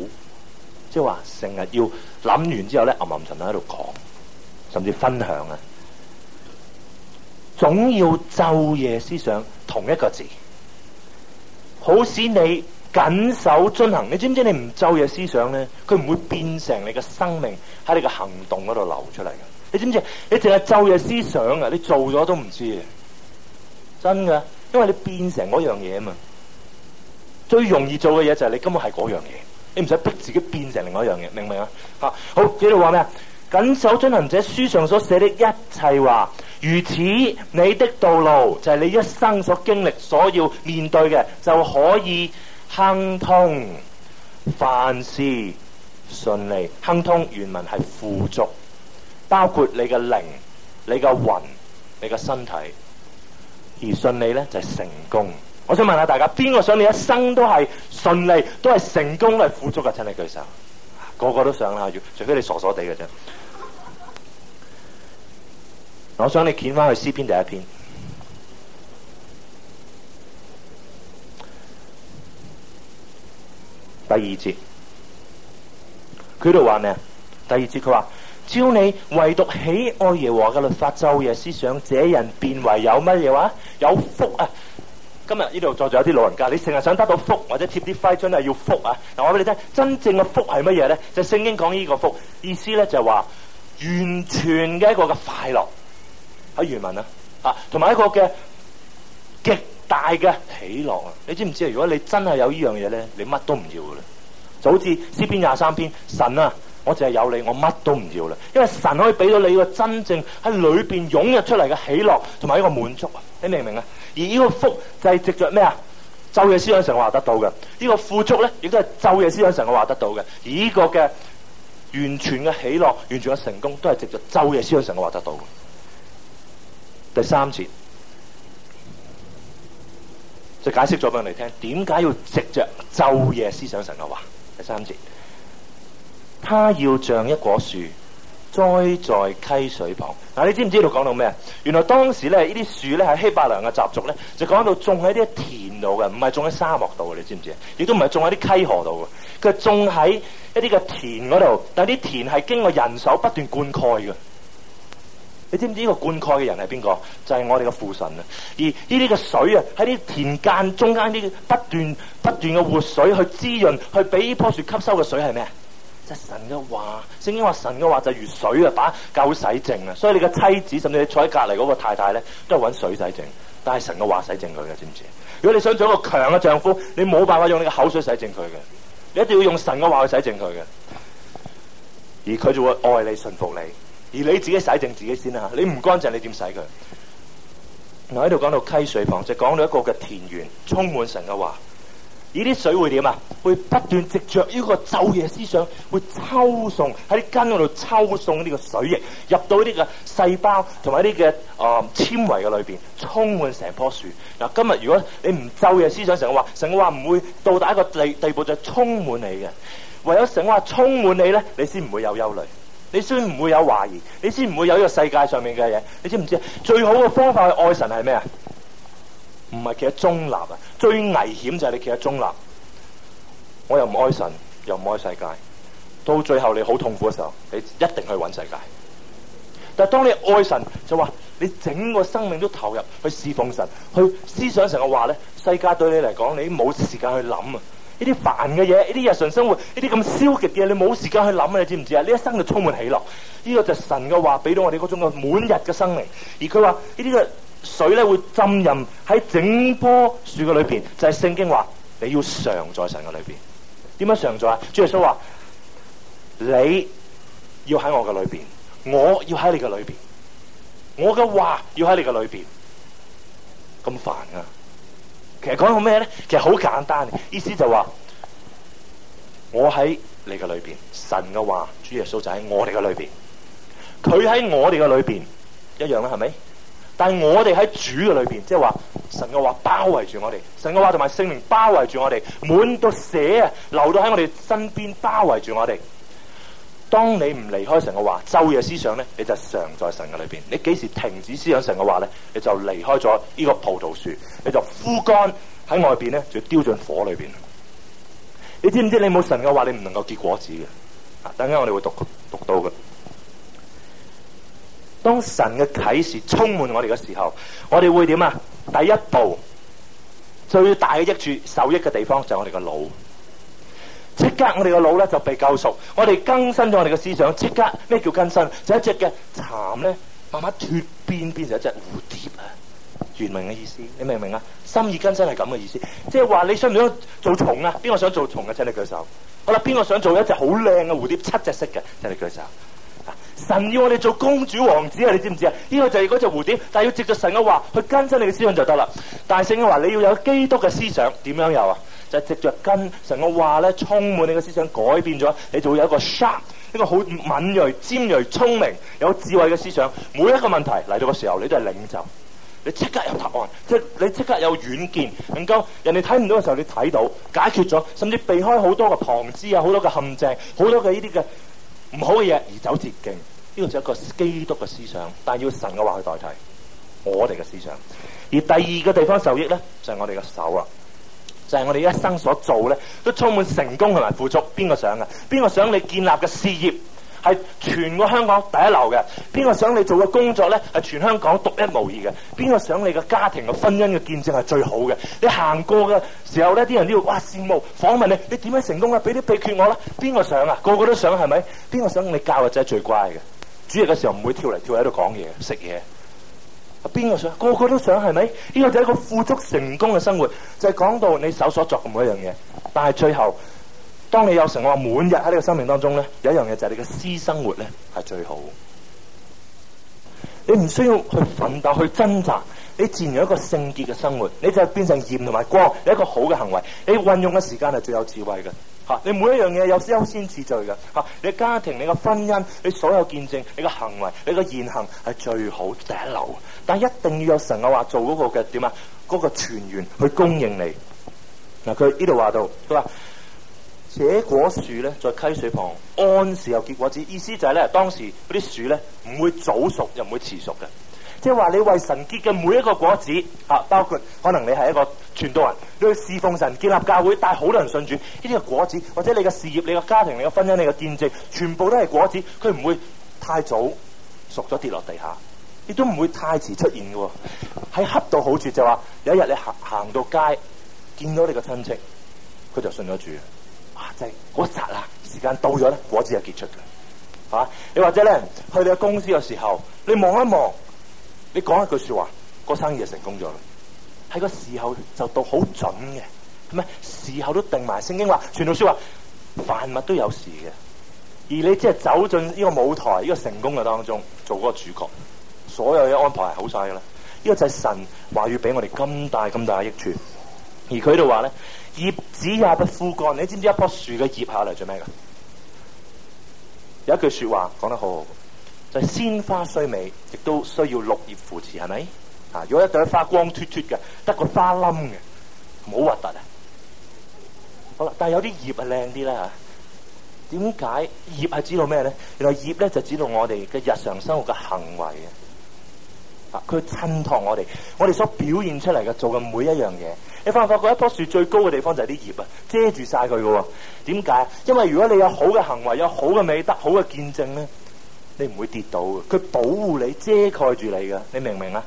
即係話成日要諗完之後咧，暗暗神喺度講。甚至分享啊，總要晝夜思想同一個字，好使你緊守遵行。你知唔知你唔晝夜思想咧，佢唔會變成你嘅生命喺你嘅行動嗰度流出嚟嘅。你知唔知？你淨係晝夜思想啊，你做咗都唔知道，真噶，因為你變成嗰樣嘢嘛。最容易做嘅嘢就係你根本係嗰樣嘢，你唔使逼自己變成另外一樣嘢，明唔明啊？吓，好，呢度話咩啊？謹守遵行者書上所寫的一切話，如此你的道路就係、是、你一生所經歷、所要面對嘅，就可以亨通，凡事順利。亨通原文係富足，包括你嘅靈、你嘅魂、你嘅身體，而順利呢，就係、是、成功。我想問下大家，邊個想你一生都係順利、都係成功、都係富足嘅？請你舉手。個個都想啦，要除非你傻傻地嘅啫。我想你捲翻去詩篇第一篇，第二節，佢度話咩啊？第二節佢話，照你唯獨喜愛耶和華嘅律法、晝夜、思想，這人變為有乜嘢話？有福啊！今日呢度坐住有啲老人家，你成日想得到福或者貼啲揮春，都係要福啊！嗱，我俾你聽，真正嘅福係乜嘢咧？就聖經講呢個福，意思咧就係話完全嘅一個嘅快樂喺原文啊，啊，同埋一個嘅極大嘅喜樂啊！你知唔知啊？如果你真係有呢樣嘢咧，你乜都唔要嘅啦，就好似詩篇廿三篇，神啊！我淨係有你，我乜都唔要啦。因為神可以俾到你一個真正喺裏邊湧入出嚟嘅喜樂同埋一個滿足啊！你明唔明啊？而呢個福就係藉着咩啊？晝夜思想神話得到嘅呢個富足咧，亦都係晝夜思想神話得到嘅。而呢個嘅完全嘅喜樂、完全嘅成功，都係藉着晝夜思想神話得到嘅。第三節就解釋咗俾你聽，點解要藉着晝夜思想神話。第三節。他要像一棵樹栽在溪水旁。嗱、啊，你知唔知道？講到咩？原來當時咧，樹呢啲樹咧係，希伯良嘅習俗咧，就講到種喺啲田度嘅，唔係種喺沙漠度嘅。你知唔知？亦都唔係種喺啲溪河度嘅。佢種喺一啲嘅田嗰度，但係啲田係經過人手不斷灌溉嘅。你知唔知呢個灌溉嘅人係邊個？就係、是、我哋嘅父神啊！而呢啲嘅水啊，喺啲田間中間啲不斷不斷嘅活水去滋潤，去俾呢棵樹吸收嘅水係咩？神嘅話，聖經話神嘅話就是如水啊，把教會洗淨啊。所以你嘅妻子，甚至你坐喺隔籬嗰個太太咧，都係揾水洗淨。但係神嘅話洗淨佢嘅，知唔知？如果你想做一個強嘅丈夫，你冇辦法用你嘅口水洗淨佢嘅，你一定要用神嘅話去洗淨佢嘅。而佢就會愛你、順服你，而你自己洗淨自己先啦。你唔乾淨，你點洗佢？嗱，喺度講到溪水旁，就是、講到一個嘅田園充滿神嘅話。呢啲水會點啊？會不斷直着呢個晝夜思想，會抽送喺啲根嗰度抽送呢個水液入到呢個細胞同埋呢嘅啊纖維嘅裏邊，充滿成棵樹。嗱，今日如果你唔晝夜思想神嘅話，神嘅話，神嘅話唔會到達一個地地步，就充滿你嘅。唯有神嘅話充滿你咧，你先唔會有憂慮，你先唔會有懷疑，你先唔會有呢個世界上面嘅嘢。你知唔知啊？最好嘅方法去愛神係咩啊？唔係企喺中立啊！最危險就係你企喺中立，我又唔愛神，又唔愛世界，到最後你好痛苦嘅時候，你一定去揾世界。但係當你愛神，就話你整個生命都投入去侍奉神，去思想神嘅話咧，世界對你嚟講，你冇時間去諗啊！呢啲煩嘅嘢，呢啲日常生活，呢啲咁消極嘅嘢，你冇時間去諗啊！你知唔知啊？呢一生就充滿喜樂，呢個就神嘅話俾到我哋嗰種嘅滿日嘅生命。而佢話呢啲嘅。這個水咧會浸淫喺整樖樹嘅裏邊，就係聖經話你要常在神嘅裏邊。點樣常在啊？主耶穌話你要喺我嘅裏邊，我要喺你嘅裏邊，我嘅話要喺你嘅裏邊。咁煩啊？其實講到咩咧？其實好簡單，意思就話我喺你嘅裏邊，神嘅話，主耶穌就喺我哋嘅裏邊，佢喺我哋嘅裏邊，一樣啦，係咪？但係我哋喺主嘅裏邊，即係話神嘅話包圍住我哋，神嘅話同埋聖靈包圍住我哋，滿到寫啊，留到喺我哋身邊包圍住我哋。當你唔離開神嘅話，晝夜思想咧，你就常在神嘅裏邊。你幾時停止思想神嘅話咧，你就離開咗呢個葡萄樹，你就枯乾喺外邊咧，就丟進火裏邊。你知唔知你冇神嘅話，你唔能夠結果子嘅？啊，等間我哋會讀讀到嘅。當神嘅啟示充滿我哋嘅時候，我哋會點啊？第一步最大嘅益處，受益嘅地方就係、是、我哋個腦，即刻我哋個腦咧就被救贖，我哋更新咗我哋嘅思想，即刻咩叫更新？就一隻嘅蠶咧，慢慢脱變變成一隻蝴蝶啊！原文嘅意思，你明唔明啊？心意更新係咁嘅意思，即係話你想唔、啊、想做蟲啊？邊個想做蟲啊？請你舉手。好啦，邊個想做一隻好靚嘅蝴蝶，七隻色嘅？請你舉手。神要我哋做公主王子啊！你知唔知啊？呢、這個就係嗰隻蝴蝶，但係要藉着神嘅話去更新你嘅思想就得啦。大聖嘅話，你要有基督嘅思想，點樣有啊？就係、是、藉着跟神嘅話咧，充滿你嘅思想，改變咗，你就會有一個 sharp，一個好敏銳、尖銳、聰明、有智慧嘅思想。每一個問題嚟到嘅時候，你都係領袖，你即刻有答案，即你即刻有遠見，能夠人哋睇唔到嘅時候，你睇到，解決咗，甚至避開好多嘅旁枝啊，好多嘅陷阱，好多嘅呢啲嘅。唔好嘅嘢而走捷徑，呢個就係一個基督嘅思想，但係要神嘅話去代替我哋嘅思想。而第二個地方受益咧，就係我哋嘅手啊，就係我哋一生所做咧，都充滿成功同埋富足。邊個想啊？邊個想你建立嘅事業？係全個香港第一流嘅，邊個想你做嘅工作咧？係全香港獨一無二嘅。邊個想你嘅家庭嘅婚姻嘅見證係最好嘅？你行過嘅時候咧，啲人都要哇羨慕，訪問你，你點樣成功啦？俾啲秘訣我啦。邊個想啊？個個都想係咪？邊個想你教嘅仔、係、最乖嘅？主日嘅時候唔會跳嚟跳去喺度講嘢食嘢。邊個想？個個都想係咪？呢、個就係一個富足成功嘅生活，就係、是、講到你手所作嘅每一樣嘢。但係最後。當你有神嘅話，每日喺呢個生命當中咧，有一樣嘢就係你嘅私生活咧，係最好。你唔需要去奮鬥去掙扎，你自然有一個聖潔嘅生活，你就係變成鹽同埋光，有一個好嘅行為，你運用嘅時間係最有智慧嘅。吓，你每一樣嘢有優先次序嘅。吓，你家庭、你個婚姻、你所有見證、你個行為、你個言行係最好第一流，但係一定要有神嘅話做嗰個嘅點啊，嗰個全員去供應你。嗱，佢呢度話到，佢話。這果樹咧，在溪水旁按時又結果子，意思就係咧，當時嗰啲樹咧唔會早熟，又唔會遲熟嘅。即係話你為神結嘅每一個果子啊，包括可能你係一個傳道人，你去侍奉神、建立教會，帶好多人信主呢啲果子，或者你嘅事業、你嘅家庭、你嘅婚姻、你嘅見證，全部都係果子，佢唔會太早熟咗跌落地下，亦都唔會太遲出現嘅喎。喺恰到好處就話有一日你行行到街，見到你個親戚，佢就信咗主。就係嗰扎啦，時間到咗咧，果子就結束嘅，係、啊、你或者咧去到公司嘅時候，你望一望，你講一句說話，個生意就成功咗啦。喺個時候就到好準嘅，係咪？時候都定埋。聖經話，傳道書話，萬物都有時嘅。而你即係走進呢個舞台，呢、這個成功嘅當中做嗰個主角，所有嘅安排係好晒嘅咧。呢、這個就係神話語俾我哋咁大咁大嘅益處。而佢度話咧。葉子也不枯乾。你知唔知一棵樹嘅葉下嚟做咩噶？有一句話說話講得好好，就係、是、鮮花雖美，亦都需要綠葉扶持，係咪？啊，如果一朵花光脫脫嘅，得個花冧嘅，唔好核突啊！好啦，但係有啲葉係靚啲啦吓，點解葉係知道咩咧？原來葉咧就知道我哋嘅日常生活嘅行為嘅，啊，佢襯托我哋，我哋所表現出嚟嘅做嘅每一樣嘢。你發唔發覺一樖樹最高嘅地方就係啲葉啊，遮住晒佢嘅喎？點解？因為如果你有好嘅行為，有好嘅美德，好嘅見證咧，你唔會跌倒嘅。佢保護你，遮蓋住你嘅。你明唔明啊？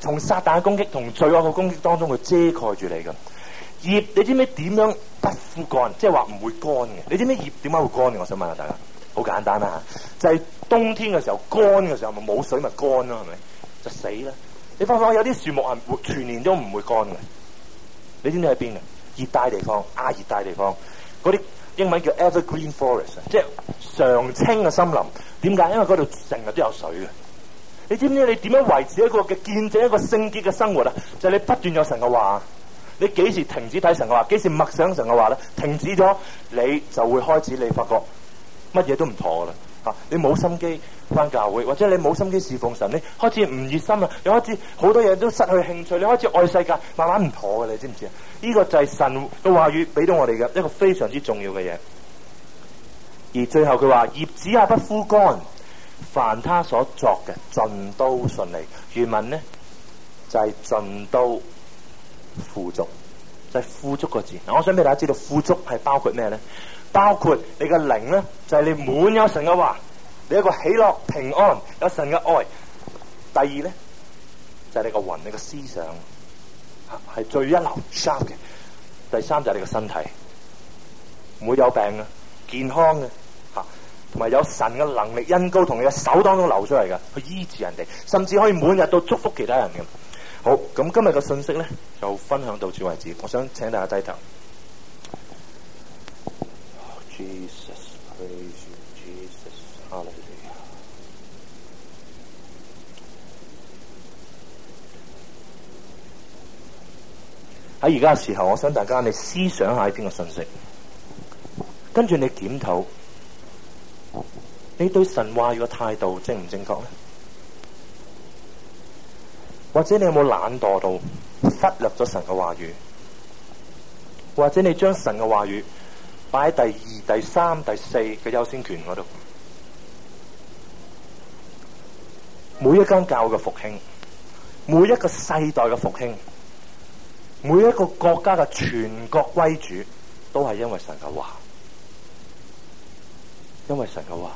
從撒旦攻擊，同罪惡嘅攻擊當中，佢遮蓋住你嘅葉。你知唔知點樣不枯乾？即係話唔會乾嘅？你知唔知葉點解會乾嘅？我想問下大家，好簡單啊。就係冬天嘅時候乾嘅時候，咪冇水咪乾咯，係咪？就死啦！你發唔發覺有啲樹木係全年都唔會乾嘅？你知唔知喺邊啊？熱帶地方、亞熱帶地方，嗰啲英文叫 evergreen forest，即係常青嘅森林。點解？因為嗰度成日都有水嘅。你知唔知你點樣維持一個嘅見證，一個聖潔嘅生活啊？就係、是、你不斷有神嘅話，你幾時停止睇神嘅話？幾時默想神嘅話咧？停止咗，你就會開始你發覺乜嘢都唔妥啦。你冇心機翻教會，或者你冇心機侍奉神，你開始唔熱心啦，你開始好多嘢都失去興趣，你開始愛世界，慢慢唔妥嘅，你知唔知啊？呢個就係神嘅話語俾到我哋嘅一個非常之重要嘅嘢。而最後佢話：葉子也不枯乾，凡他所作嘅盡都順利。原文呢就係盡都富足，就係富足個字。我想俾大家知道，富足係包括咩咧？包括你個靈咧，就係、是、你滿有神嘅話，你一個喜樂平安有神嘅愛。第二咧，就係、是、你個魂，你個思想係最一流 sharp 嘅。第三就係你個身體，唔會有病嘅，健康嘅吓，同、啊、埋有神嘅能力恩膏同你嘅手當中流出嚟嘅，去醫治人哋，甚至可以滿日都祝福其他人嘅。好，咁今日嘅信息咧就分享到此為止。我想請大家低頭。喺而家嘅時候，我想大家你思想一下邊個信息，跟住你檢討你對神話語嘅態度正唔正確呢？或者你有冇懶惰到忽略咗神嘅話語？或者你將神嘅話語，擺喺第二、第三、第四嘅優先權嗰度。每一間教嘅復興，每一個世代嘅復興，每一個國家嘅全國歸主，都係因為神嘅話。因為神嘅話，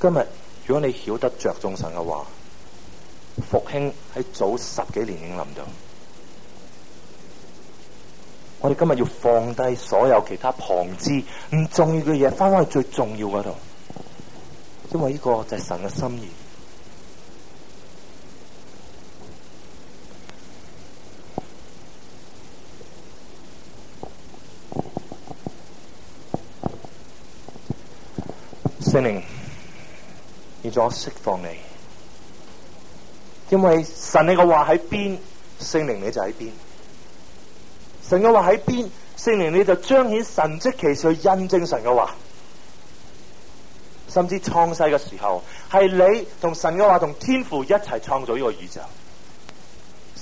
今日如果你曉得着重神嘅話，復興喺早十幾年已經臨到。我哋今日要放低所有其他旁支唔重要嘅嘢，返返去最重要嗰度，因為呢個就係神嘅心意。聖靈，而家我釋放你，因為神你嘅話喺邊，聖靈你就喺邊。神嘅話喺邊，聖靈你就彰顯神蹟奇事去印證神嘅話，甚至創世嘅時候係你同神嘅話同天父一齊創造呢個宇宙。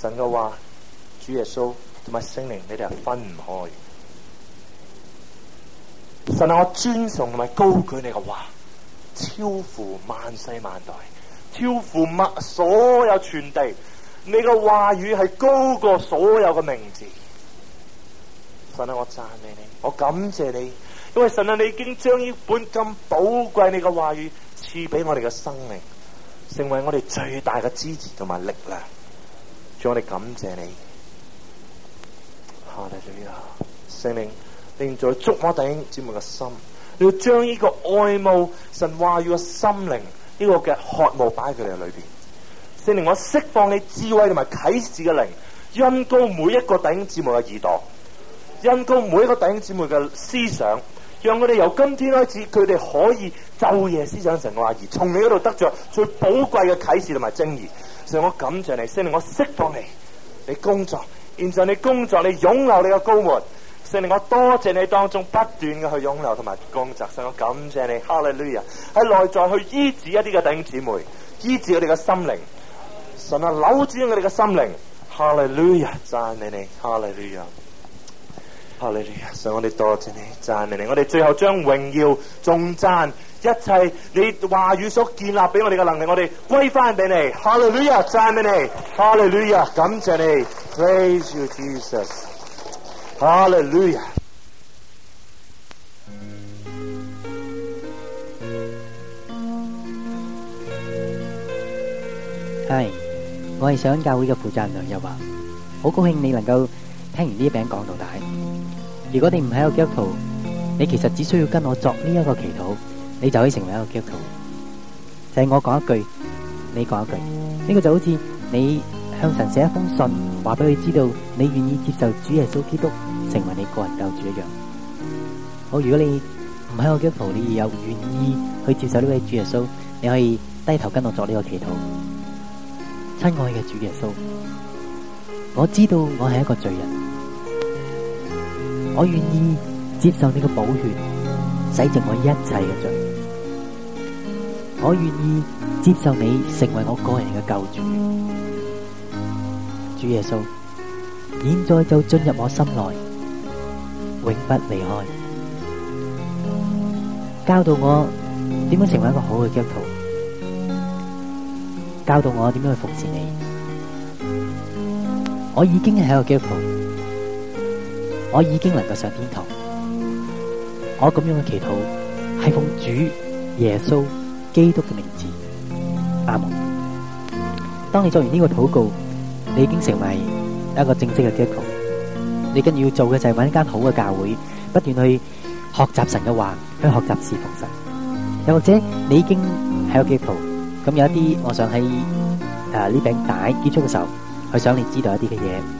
神嘅話，主耶穌同埋聖靈，你哋係分唔開。神係我尊崇同埋高舉你嘅話，超乎萬世萬代，超乎萬所有全地。你嘅話語係高過所有嘅名字。神啊，我讚美你，我感謝你，因為神啊，你已經將呢本咁寶貴你嘅話語賜俾我哋嘅生命，成為我哋最大嘅支持同埋力量，叫我哋感謝你。哈利路亞！聖靈，你在觸摸弟兄姊妹嘅心，你要將呢個愛慕神話語嘅心靈呢、這個嘅渴慕擺喺佢哋嘅裏邊。聖靈，我釋放你的智慧同埋啟示嘅靈，恩膏每一個弟兄姊妹嘅耳朵。因公每一個弟兄姊妹嘅思想，讓我哋由今天開始，佢哋可以晝夜思想神嘅話語，從你嗰度得着最寶貴嘅啟示同埋真理。神我感謝你，聖靈我釋放你，你工作，現在你工作，你擁有你嘅高活。聖靈我多謝你當中不斷嘅去擁有同埋工作。神我感謝你，Hallelujah，喺內在去醫治一啲嘅弟兄姊妹，醫治我哋嘅心靈。神啊扭轉我哋嘅心靈，Hallelujah，讚美你，Hallelujah。哈利利亞，所以我哋多謝你讚你，我哋最後將榮耀仲讚一切你話語所建立俾我哋嘅能力，我哋歸返俾你。哈利利亞，讚你，哈利利亞，感謝你，Praise you Jesus，哈利利亞。誒，我係上教會嘅負責人梁日華，好高興你能夠聽完呢餅講道帶。如果你唔係一個基督徒，你其實只需要跟我作呢一個祈禱，你就可以成為一個基督徒。就係我講一句，你講一句，呢個就好似你向神寫一封信，話俾佢知道你願意接受主耶穌基督成為你個人救主一樣。好，如果你唔係一個基督徒，你又願意去接受呢位主耶穌，你可以低頭跟我作呢個祈禱。親愛嘅主耶穌，我知道我係一個罪人。我願意接受你嘅寶血洗淨我一切嘅罪，我願意接受你成為我個人嘅救主，主耶穌，現在就進入我心內，永不離開，教導我點樣成為一個好嘅基督徒，教導我點樣去服侍你，我已經係個基督徒。我已經能夠上天堂。我咁樣嘅祈禱係奉主耶穌基督嘅名字，阿門。當你做完呢個禱告，你已經成為一個正式嘅基督徒。你跟住要做嘅就係揾一間好嘅教會，不斷去學習神嘅話，去學習侍奉神。又或者你已經係個基督徒，咁有一啲我想喺誒呢餅帶結束嘅時候，去想你知道一啲嘅嘢。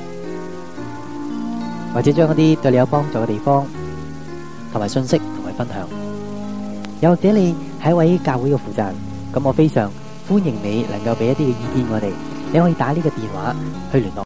或者將一啲對你有幫助嘅地方同埋信息同埋分享，又或者你係一位教會嘅負責人，咁我非常歡迎你能夠俾一啲嘅意見我哋，你可以打呢個電話去聯絡。